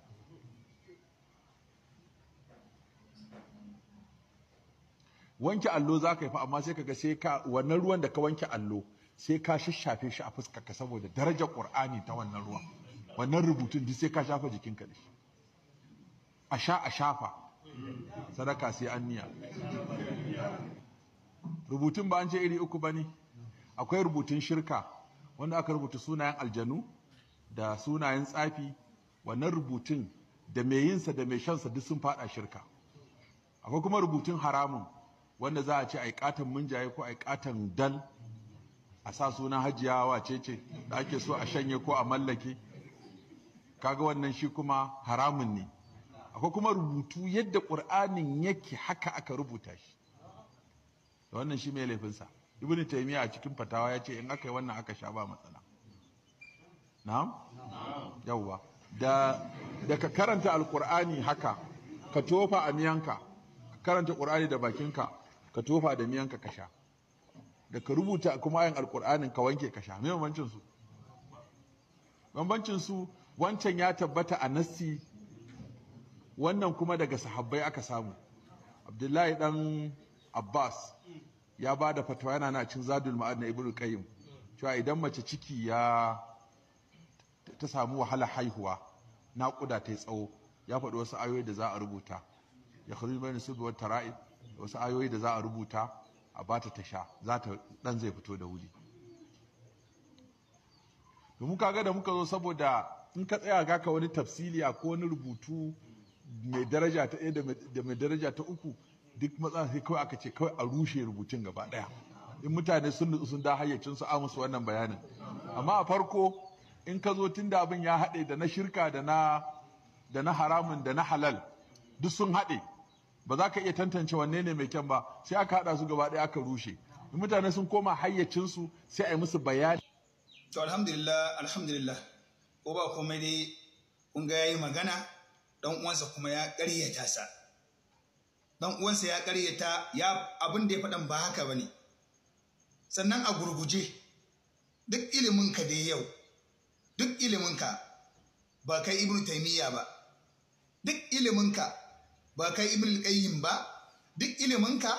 Speaker 5: wanke allo za ka yi fa amma sai kaga sai ka wannan ruwan da ka wanke allo sai ka shishafe shi a ka saboda darajar Qur'ani ta wannan ruwan wannan rubutun duk sai ka shafa jikinka a sha a shafa sadaka sai an niya rubutun ba an ce iri uku bane akwai rubutun shirka wanda aka rubuta sunayen aljanu da sunayen tsafi wannan rubutun da mai yinsa da mai shansa duk sun fada shirka akwai kuma rubutun haramun wanda za a ce ai katan munjaye ko ai katan dal a sa sunan hajiya wace ce da ake so a shanye ko a mallake kaga wannan shi kuma haramun ne akwai kuma rubutu yadda ƙur'anin yake haka aka rubuta shi da wannan shi mai laifinsa ibini taimiyya a cikin fatawa ya ce in aka yi wannan aka sha ba matsala na'am yawwa da ka karanta alƙur'ani haka ka tofa a miyanka karanta ƙur'ani da bakinka ka tofa da miyanka ka sha da ka rubuta kuma ayin alkur'anin ka wanke ka sha mai bambancin su wancan ya tabbata a nassi wannan kuma daga sahabbai aka samu abdullahi dan abbas ya ba da fatawa yana na cin zadul ma'ad na ibnu qayyim cewa idan mace ciki ya ta samu wahala haihuwa naƙuda ta yi tsawo ya faɗi wasu ayoyi da za a rubuta ya khuruj bayna subi wa wasu ayoyi da za a rubuta a bata ta sha za ta dan zai fito da wuri to muka ga da muka zo saboda in ka tsaya ga ka wani tafsili ko wani rubutu mai daraja ta ɗaya da mai daraja ta uku duk matsan sai kawai aka ce kawai a rushe rubutun gaba ɗaya in mutane sun nutsu sun da hayyacin su amsu wannan bayanin amma a farko in ka zo tun da abin ya haɗe da na shirka da da na haramun da na halal duk sun haɗe ba za ka iya tantance wanne ne mai kyan ba sai aka haɗa su gaba ɗaya aka rushe mutane sun koma hayyacinsu sai a yi musu bayani to
Speaker 2: alhamdulillah alhamdulillah ko ba komai dai kun ga yayi magana dan uwansa kuma ya ƙaryata sa dan uwansa ya ƙaryata ya abin da ya faɗan ba haka bane sannan a gurguje duk ilimin ka dai yau duk ilimin ka ba kai ibnu taymiya ba duk ilimin ka ba kai ibn qayyim ba duk iliminka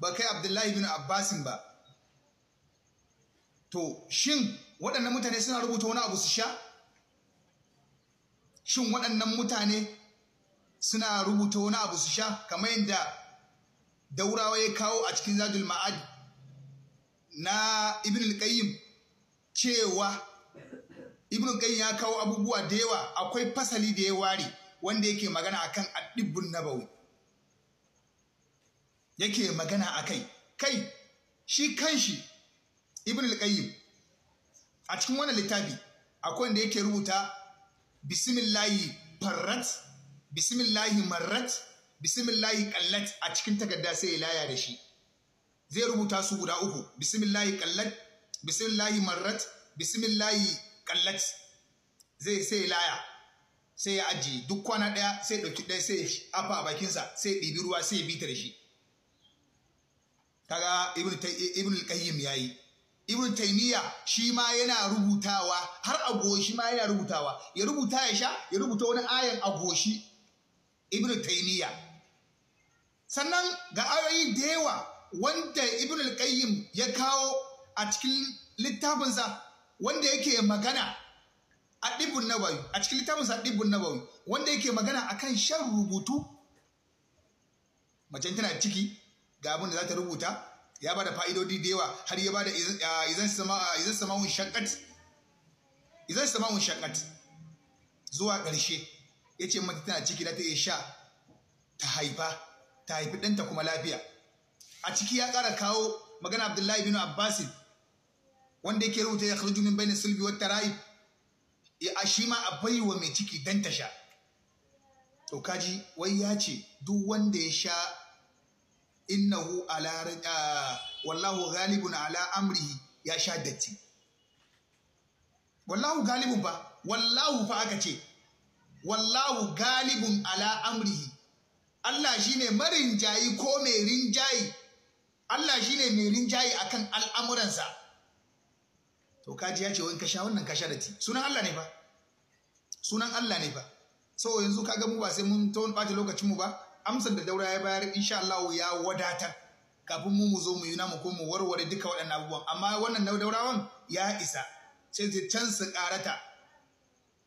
Speaker 2: ba kai abdullahi bin abbasin ba to shin waɗannan mutane suna rubuta wani abu su sha shin waɗannan mutane suna rubuta wani abu su sha kamar yadda daurawa ya kawo a cikin zadul ma'ad na ibn al-qayyim cewa ibn al-qayyim ya kawo abubuwa da yawa akwai fasali da ya ware wanda yake magana akan addibbun nabawi yake magana akai kai shi kanshi ibn al-qayyim a cikin wannan littafi akwai wanda yake rubuta bismillahi farrat bismillahi marrat bismillahi kallat a cikin takarda sai ya laya da shi zai rubuta su guda uku bismillahi kallat bismillahi marrat bismillahi kallat zai sai laya sai ya ajiye duk kwana ɗaya sai ɗauki ɗaya sai afa a bakinsa sai ɗibi ruwa sai ya bita da shi kaga ibn al-qayyim yayi ibn taymiya shi ma yana rubutawa har agoshi ma yana rubutawa ya rubuta ya sha ya rubuta wani ayan agoshi. ibn taymiya sannan ga ayoyi da yawa wanda ibn al ya kawo a cikin littafinsa wanda yake magana a ɗibun nabawi a cikin littafinsa a ɗibun nabawi wanda yake magana akan shan rubutu macen tana ciki ga abin da za ta rubuta ya bada fa'idodi da yawa har ya bada izan ah, sama'un shakat ah, izan sama'un shakat zuwa ƙarshe ya ce mata tana ciki da ta iya sha ta haifa ta haifi ɗanta kuma lafiya a ciki ya ƙara kawo magana abdullahi bin abbasin wanda yake rubuta ya kharju min bayna sulbi wa tara'ib Eh, a shi ma a bai wa mai ciki dan ta sha to kaji wai ya ce duk wanda ya sha innahu ala wallahu ghalibun ala amrihi ya sha datti wallahu galibun ba wallahu fa aka ce wallahu galibun ala amrihi Allah shine marinjayi ko mai rinjayi Allah shine mai rinjayi akan al'amuransa to kaji ya ce in ka sha wannan ka sha da ti sunan Allah ne fa? sunan Allah ne fa? so yanzu kaga mu ba sai mun ta wani ɓata lokacin mu ba amsar da daura ya bayar insha Allah ya wadatar kafin mu mu zo mu yi mu ko mu warware duka waɗannan abubuwan amma wannan na daurawan ya isa sai ta can su karata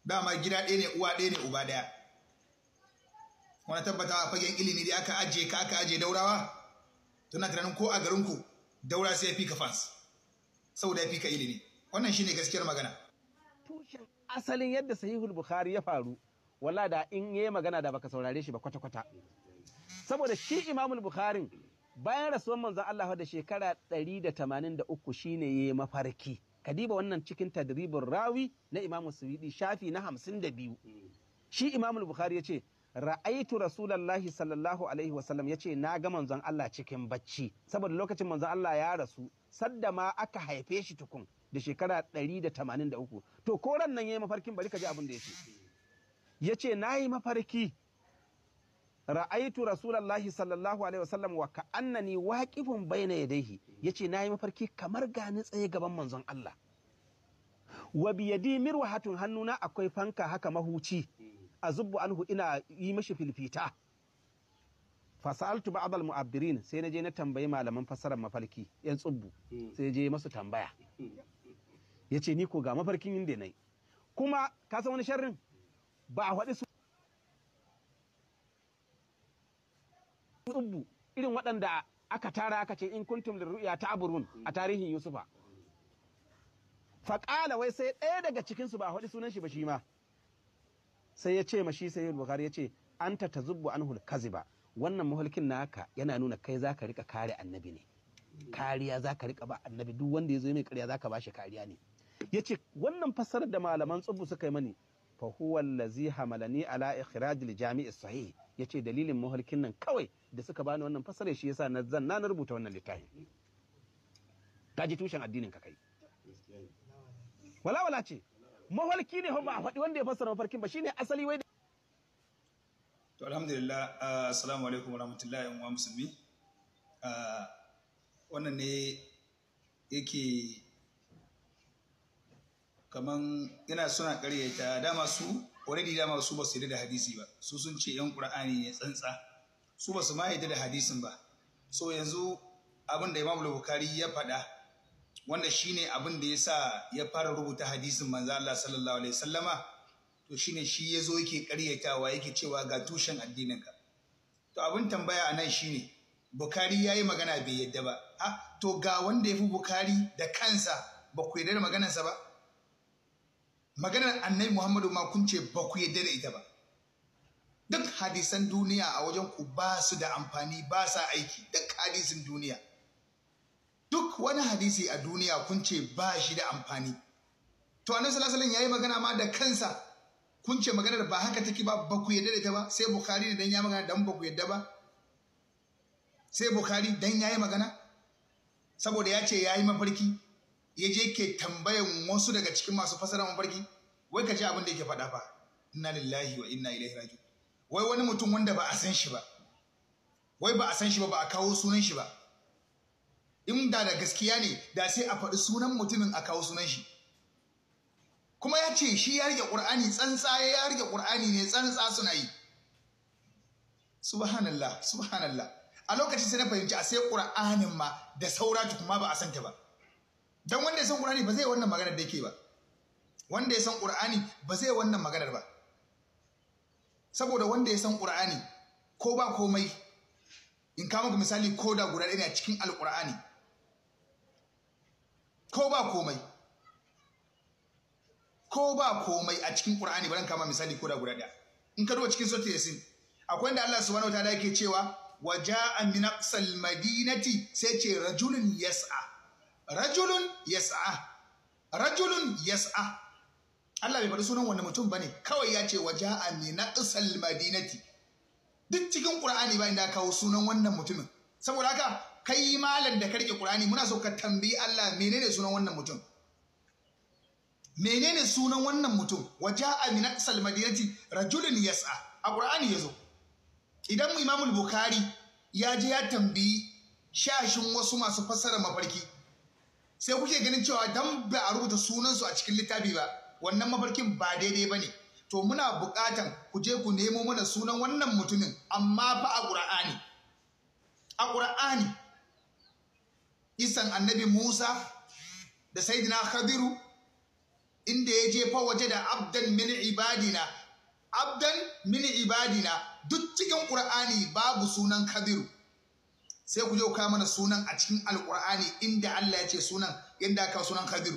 Speaker 2: dama gida ɗaya ne uwa ɗaya ne uba ɗaya wani tabbata a fagen ilimi da aka ajiye ka aka ajiye daurawa tana tunanin ko a garinku daura sai ya fi ka fans saboda ya fi ka ilimi wannan shine gaskiyar magana
Speaker 1: tushen asalin yadda sahihul bukhari ya faru wala da in yi magana da baka saurare shi ba kwata kwata saboda shi imamul bukharin bayan rasuwar manzon Allah da shekara 183 shine yayi mafarki kadiba wannan cikin tadribin rawi na imamu suwidi shafi na hamsin da biyu shi imamul bukhari ya ce ra'aitu rasulullahi sallallahu alaihi wasallam ya ce na ga manzon Allah cikin bacci saboda lokacin manzon Allah ya rasu sadda ma aka haife shi tukun da shekara ɗari 183 to koran nan ya yi mafarkin bari ka ji abin da ya Ya ce na yi mafarki ra'aitu Rasulallah sallallahu alaihi wasallam wa ya waqifun Ya ce na yi mafarki kamar gani tsaye gaban manzon Allah wa biyadi hatun hannuna akwai fanka haka mahuci a zubbu anhu ina yi mashi filfita fasaltu ba'd al mu'abbirin sai na je na tambayi malaman fassarar mafarki yan tsubbu sai je masu tambaya ya ce ni ko ga mafarkin inda na yi kuma ka san wani sharrin ba a faɗi su irin waɗanda aka tara aka ce in kuntum lirruya ta aburun a tarihin yusufa faƙala wai sai ɗaya daga cikinsu ba a faɗi sunan shi ba shi ma sai ya ce ma shi sai bukari ya ce an ta tazubbu an hulkazi ba wannan mahulkin naka yana nuna kai za ka rika kare annabi ne kariya za ka riƙa ba annabi duk wanda ya zo mai karya za ka ba shi kariya ne ya ce wannan fassarar da malaman tsubu suka yi mani fa huwa allazi hamalani ala ikhrajil jami'is sahih yace dalilin muhalkin nan kawai da suka bani wannan fassarar shi yasa na zan na rubuta wannan littafi ji tushen addinin ka kai wala wala ce mahalki ne ba a faɗi wanda ya fassara mafarkin ba shine asali wai
Speaker 2: to alhamdulillah ah, assalamu alaikum warahmatullahi wa musulmi ah, wannan ne yake kaman yana suna karyata dama su already dama su ba su yarda da hadisi ba su sun ce yan qur'ani ne tsantsa su ba su ma yarda da hadisin ba so yanzu abin da imamu Bukhari ya faɗa wanda shine abin da yasa ya fara rubuta hadisin manzo Allah sallallahu alaihi wasallama to shine shi yazo yake karyatawa yake cewa ga tushen addinin ka to abin tambaya anan shine Bukhari yayi magana bai yadda ba ah to ga wanda yafi Bukhari da kansa ba ku yarda da maganarsa ba maganar annai muhammadu ma kun ce ba ku yadda da ita ba duk hadisan duniya a wajen ku ba su da amfani ba sa aiki duk hadisin duniya duk wani hadisi a duniya kun ce ba shi da amfani to annabi sallallahu yayi magana ma da kansa kun ce maganar ba haka take ba ba ku yadda da ita ba sai bukhari ne dan ya magana dan ba ku yadda ba sai bukhari dan yayi magana saboda ya ce ya yi mafarki ya je ke tambayan wasu daga cikin masu fasara mafarki wai ka ji abin da yake faɗa fa inna lillahi wa inna ilaihi raji wai wani mutum wanda ba a san shi ba wai ba a san shi ba ba a kawo sunan shi ba in da da gaskiya ne da sai a faɗi sunan mutumin a kawo sunan shi kuma ya ce shi ya rike ƙur'ani tsantsa ya rike ƙur'ani ne tsantsa suna yi subhanallah subhanallah a lokacin sai na fahimci a sai ƙur'anin ma da saura tukuma ba a san ta ba Don wanda ya san Qur'ani ba zai wannan maganar da yake ba wanda ya san Qur'ani ba zai wannan maganar ba saboda wanda ya san Qur'ani ko ba komai in kama maka misali ko da guda ɗaya ne a cikin alƙur'ani ko ba komai ko ba komai a cikin ƙur'ani zan kama misali ko da guda ɗaya in ka duba cikin ya sin akwai inda Allah subhanahu ta'ala yake cewa waja'a min aqsal madinati sai ce rajulun yas'a rajulun yas'a rajulun yas'a Allah bai faɗi sunan wani mutum bane kawai ya ce waja'a na naqsal madinati duk cikin Qur'ani ba inda kawo sunan wannan mutumin saboda haka kai malam da karke Qur'ani muna so ka tambayi Allah menene sunan wannan mutum menene sunan wannan mutum waja'a na naqsal madinati rajulun yas'a a Qur'ani zo idan imamul Bukhari ya je ya tambayi shashin wasu masu fassara mafarki sai kuke ganin cewa dan ba a rubuta sunansu a cikin littafi ba wannan mafarkin ba daidai ba ne to muna buƙatan ku je ku nemo mana sunan wannan mutumin amma fa a ƙura'ani a ƙura'ani isan annabi musa da saidina khadiru inda ya je waje da abdan min ibadina abdan min ibadina duk cikin ƙur'ani, babu sunan khadiru sai ku je ku mana sunan a cikin alkur'ani inda Allah ya ce sunan yadda aka sunan Khadir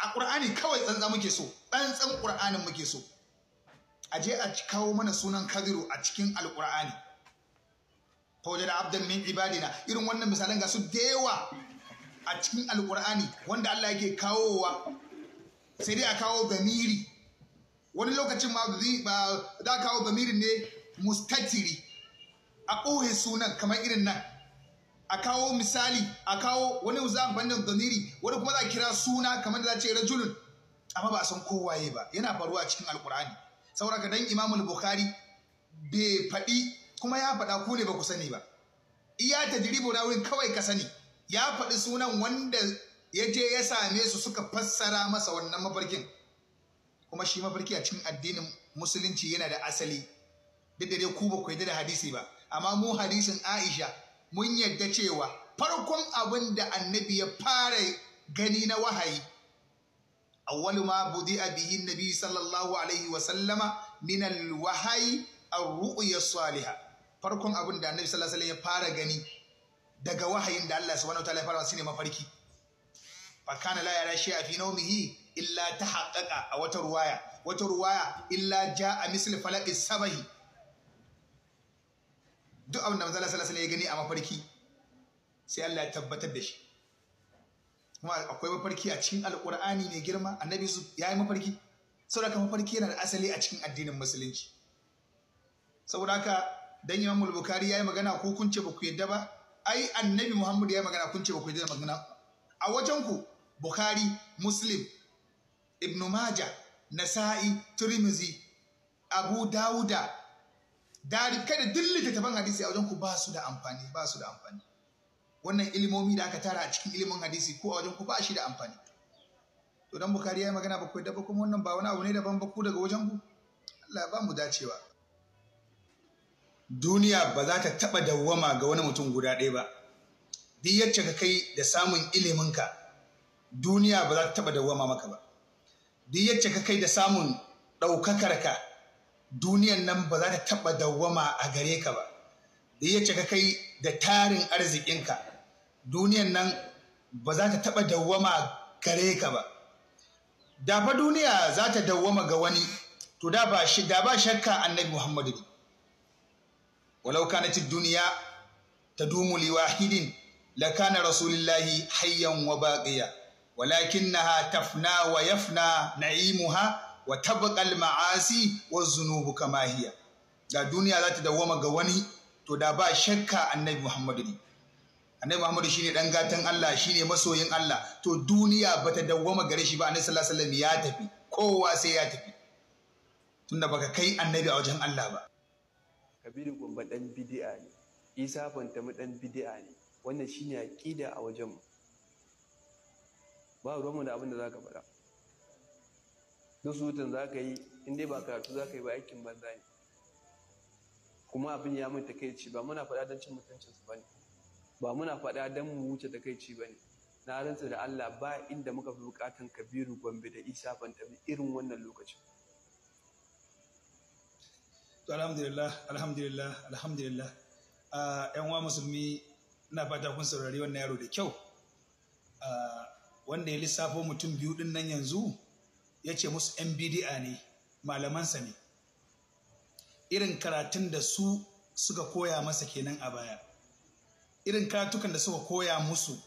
Speaker 2: a Qur'ani kawai tsantsa muke so tsantsan Qur'anin muke so a je a kawo mana sunan Khadir a cikin alkur'ani da abdan min ibadina irin wannan misalan ga su da yawa a cikin alkur'ani wanda Allah yake kawowa sai dai a kawo gamiri wani lokacin ma ba za kawo gamirin ne mustatiri a ɓoye sunan kamar irin nan a kawo misali a kawo wani za a zaniri wani kuma za kira suna kamar da za a ce rajulun amma ba a san kowaye ba yana faruwa cikin alkur'ani saboda dan imamul bukhari bai faɗi kuma ya faɗa ku ne ba ku sani ba iya tajribu na wurin kawai ka sani ya faɗi sunan wanda ya je ya same su suka fassara masa wannan mafarkin kuma shi mafarki a cikin addinin musulunci yana da asali duk da dai ku ba ku da hadisi ba amma mu hadisin Aisha mun yadda cewa farkon abin da annabi ya fara gani na wahayi awwalu ma budi'a bihi nabi sallallahu alaihi wa sallama min al-wahyi ar-ru'ya salihah farkon abin da annabi sallallahu alaihi ya fara gani daga wahayin da Allah subhanahu wataala ya fara ne mafarki fa kana la yara shay'a fi nawmihi illa tahaqqaqa a wata ruwaya wata ruwaya illa jaa misl falaqis sabahi duk abin da manzo Allah ya gani a mafarki sai Allah ya tabbatar da shi kuma akwai mafarki a cikin alkur'ani mai girma annabi su ya yi mafarki saboda mafarki yana da asali a cikin addinin musulunci saboda haka dan imam bukhari ya yi magana ko kun ce ba ku yadda ba ai annabi muhammad ya yi magana kun ce ba ku yadda magana a wajen ku bukhari muslim ibnu maja nasa'i tirmizi abu dauda da kada duk littattafan hadisi a wajen ku ba su da amfani ba su da amfani wannan ilimomi da aka tara a cikin ilimin hadisi ko a wajen ku ba shi da amfani to dan bukari yayi magana bakwai da kuma wannan ba wani abu ne daban ba ku daga wajen ku Allah ba mu dacewa duniya ba za ta taba dawwama ga wani mutum guda ɗaya ba duk yacce ka kai da samun iliminka duniya ba za ta taba dawwama maka ba duk yacce ka kai da samun ɗaukakarka duniyan nan ba za ta taɓa dawwama a gare ka ba da iya cika kai da tarin arzikinka duniyan nan ba za ta taɓa dawwama gare ka ba da fa duniya za ta dawwama ga wani to da ba shi da ba shakka annabi muhammadu ne walau ci duniya ta tadumu liwahidin لكان رسول الله حيا وباقيا tafna تفنى Na'imu ha? wa tabbakal ma'asi wa zunubu kama hiya da duniya za ta dawoma ga wani to da ba shakka annabi Muhammadu ne annabi Muhammadu shine dan gatan Allah shine masoyin Allah to duniya ba bata dawoma gare shi ba annabi sallallahu alaihi ya tafi kowa sai ya tafi tunda baka kai annabi a wajen Allah ba
Speaker 1: kabiru gumba dan bid'a ne isa banta mu dan bid'a ne wannan shine aqida a wajen mu ba ruwanmu da abin da zaka faɗa duk surutun za ka yi in dai ba karatu za ka yi ba aikin banza ne kuma abin ya mun takaici ba muna faɗa don cin mutuncin su bane ba muna faɗa don mu wuce takaici bane na rantsa da Allah ba inda muka fi bukatan Kabiru Gombe da Isa ban Bantabi irin wannan lokacin
Speaker 2: to alhamdulillah alhamdulillah alhamdulillah yan ah, wa musulmi ina fata kun saurari wannan yaro da kyau ah, wanda ya lissafo mutum biyu din nan yanzu ya ce musu 'yan bidi'a ne malamansa ne irin karatun da su suka koya masa kenan a baya irin karatukan da suka koya musu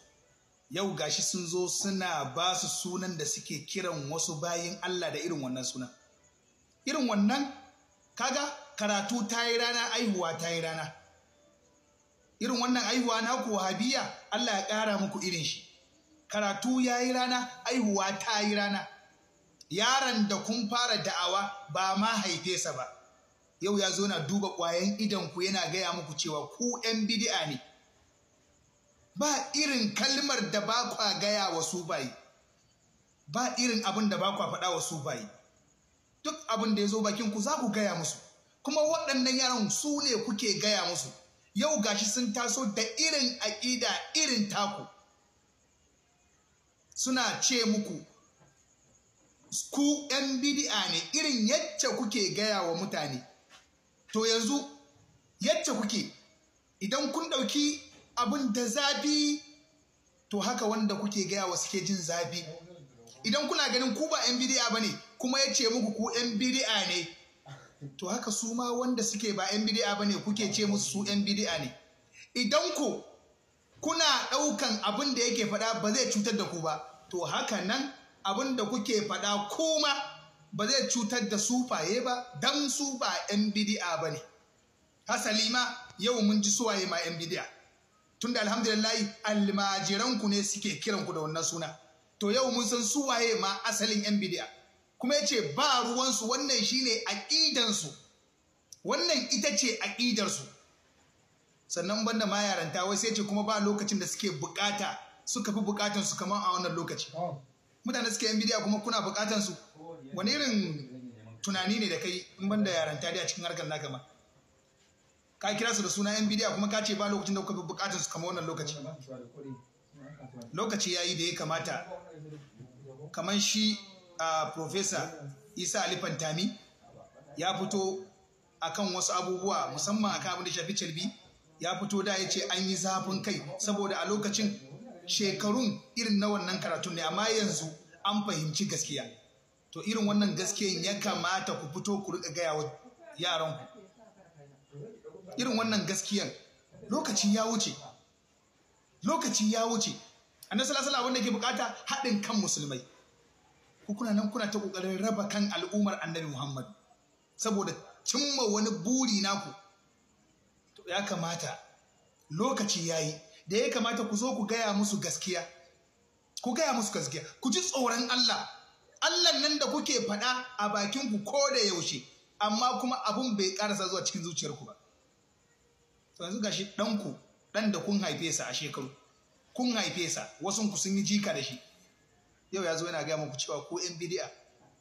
Speaker 2: yau gashi sun zo suna ba su sunan da suke kiran wasu bayin Allah da irin wannan sunan irin wannan kaga karatu ta yi rana aihuwa ta yi rana irin wannan aihuwa na ku Habiya? Allah ya ƙara muku irin shi karatu ya yi rana aihuwa ta yi rana yaron da kun fara da'awa ba ma haife sa ba yau ya zo na duba ƙwayan ku yana gaya muku cewa ku 'yan bidi'a ne ba irin kalmar da ba kwa gaya wa su bayi ba irin abin da ba kwa faɗa wa su bayi duk abin da ya zo bakin ku za ku gaya musu kuma waɗannan yaran su ne kuke gaya musu yau gashi sun taso da irin aƙida irin taku suna ce muku ku ‘yan bidi'a ne irin yacce kuke gaya wa mutane to yanzu yacce kuke idan kun ɗauki abin da zafi to haka wanda kuke gaya wa suke jin zafi idan kuna ganin ku ba ‘yan bidi'a ba ne kuma ya ce muku ku ‘yan bidi'a ne to haka su ma wanda suke ba ‘yan bidi'a ba ne kuke ce musu su ‘yan bidi'a ne idan ku kuna ɗaukan abin da yake faɗa ba zai cutar da ku ba to haka nan abin da kuke faɗa kuma ba zai cutar da sufaye ba don su ba 'yan bidi'a ba ne hasali ma yau mun ji suwaye ma 'yan bidi'a tunda alhamdulillahi almajiranku ne suke kiranku da wannan suna to yau mun san suwaye ma asalin 'yan bidi'a kuma ya ce ba ruwansu wannan shi ne aƙidansu wannan ita ce aƙidarsu sannan banda ma yaranta wai sai ce kuma ba lokacin da suke bukata suka fi bukatansu kamar a wannan lokaci mutane suke yan bidiya kuma kuna bukatan su wani irin tunani ne da kai in banda yaran tare a cikin harkar naka ka kira su da suna yan bidiya kuma ka ce ba lokacin da kuka bi bukatan su kamar wannan lokaci lokaci yayi da ya kamata kamar shi a professor Isa Ali Fantami ya fito akan wasu abubuwa musamman akan abin da shafi calbi ya fito da ya ce an yi zafin kai saboda a lokacin shekarun irin na wannan karatun ne amma yanzu an fahimci gaskiya to irin wannan gaskiyan ya kamata ku fito ku riƙa gaya wa yaranku irin wannan gaskiyan lokaci ya wuce lokaci ya wuce annabi sallallahu alaihi wanda ke bukata haɗin kan musulmai ku kuna nan kuna ta kokarin raba kan al'ummar annabi Muhammad saboda cimma wani buri naku ya kamata lokaci yayi da ya kamata ku zo ku gaya musu gaskiya ku gaya musu gaskiya ku ji tsoron Allah Allah nan da kuke faɗa a bakin ku ko da yaushe amma kuma abun bai karasa zuwa cikin zuciyarku ba to yanzu gashi ɗanku ɗan da kun haife sa a shekaru kun haife sa wasu ku sun yi jika da shi yau ya zo yana gaya muku cewa ko yan bidi'a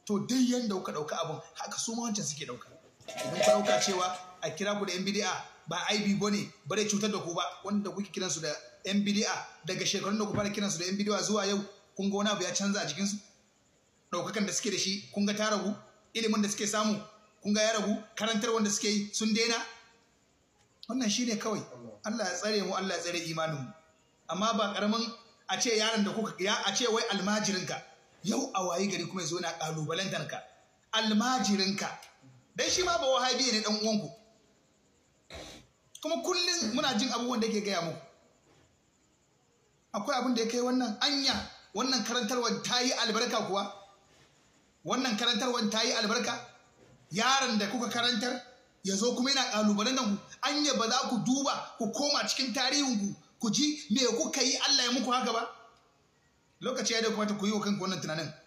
Speaker 2: to dai yanda kuka ɗauka abun haka su ma wancan suke ɗauka idan ku dauka cewa a kira ku da yan bidi'a ba aibi bane ba dai cutar da ku ba wanda kuke kiransu da yan bidi'a daga shekarun da ku fara kiransu da yan bidi'a zuwa yau kun ga wani abu ya canza a jikinsu ɗaukakan da suke da shi kun ga ta ragu ilimin da suke samu kun ga ya ragu karantar wanda suke yi sun daina wannan shine kawai Allah ya tsare mu Allah ya tsare imanin mu amma ba karamin a ce yaron da kuka ya a ce wai almajirinka yau a wayi gari kuma zo na kalubalantar ka almajirinka dan shi ma ba wahabi ne dan uwanku kuma kullum muna jin abubuwan da ke gaya muku akwai abin da ya kai wannan anya wannan karantarwar ta yi albarka kuwa wannan karantarwar ta yi albarka yaron da kuka karantar ya zo kuma yana ƙalubalen ku anya ba za ku duba ku koma cikin tarihinku ku ji me kuka yi Allah ya muku haka ba lokaci ya da kuma ta ku yi wa kanku wannan tunanin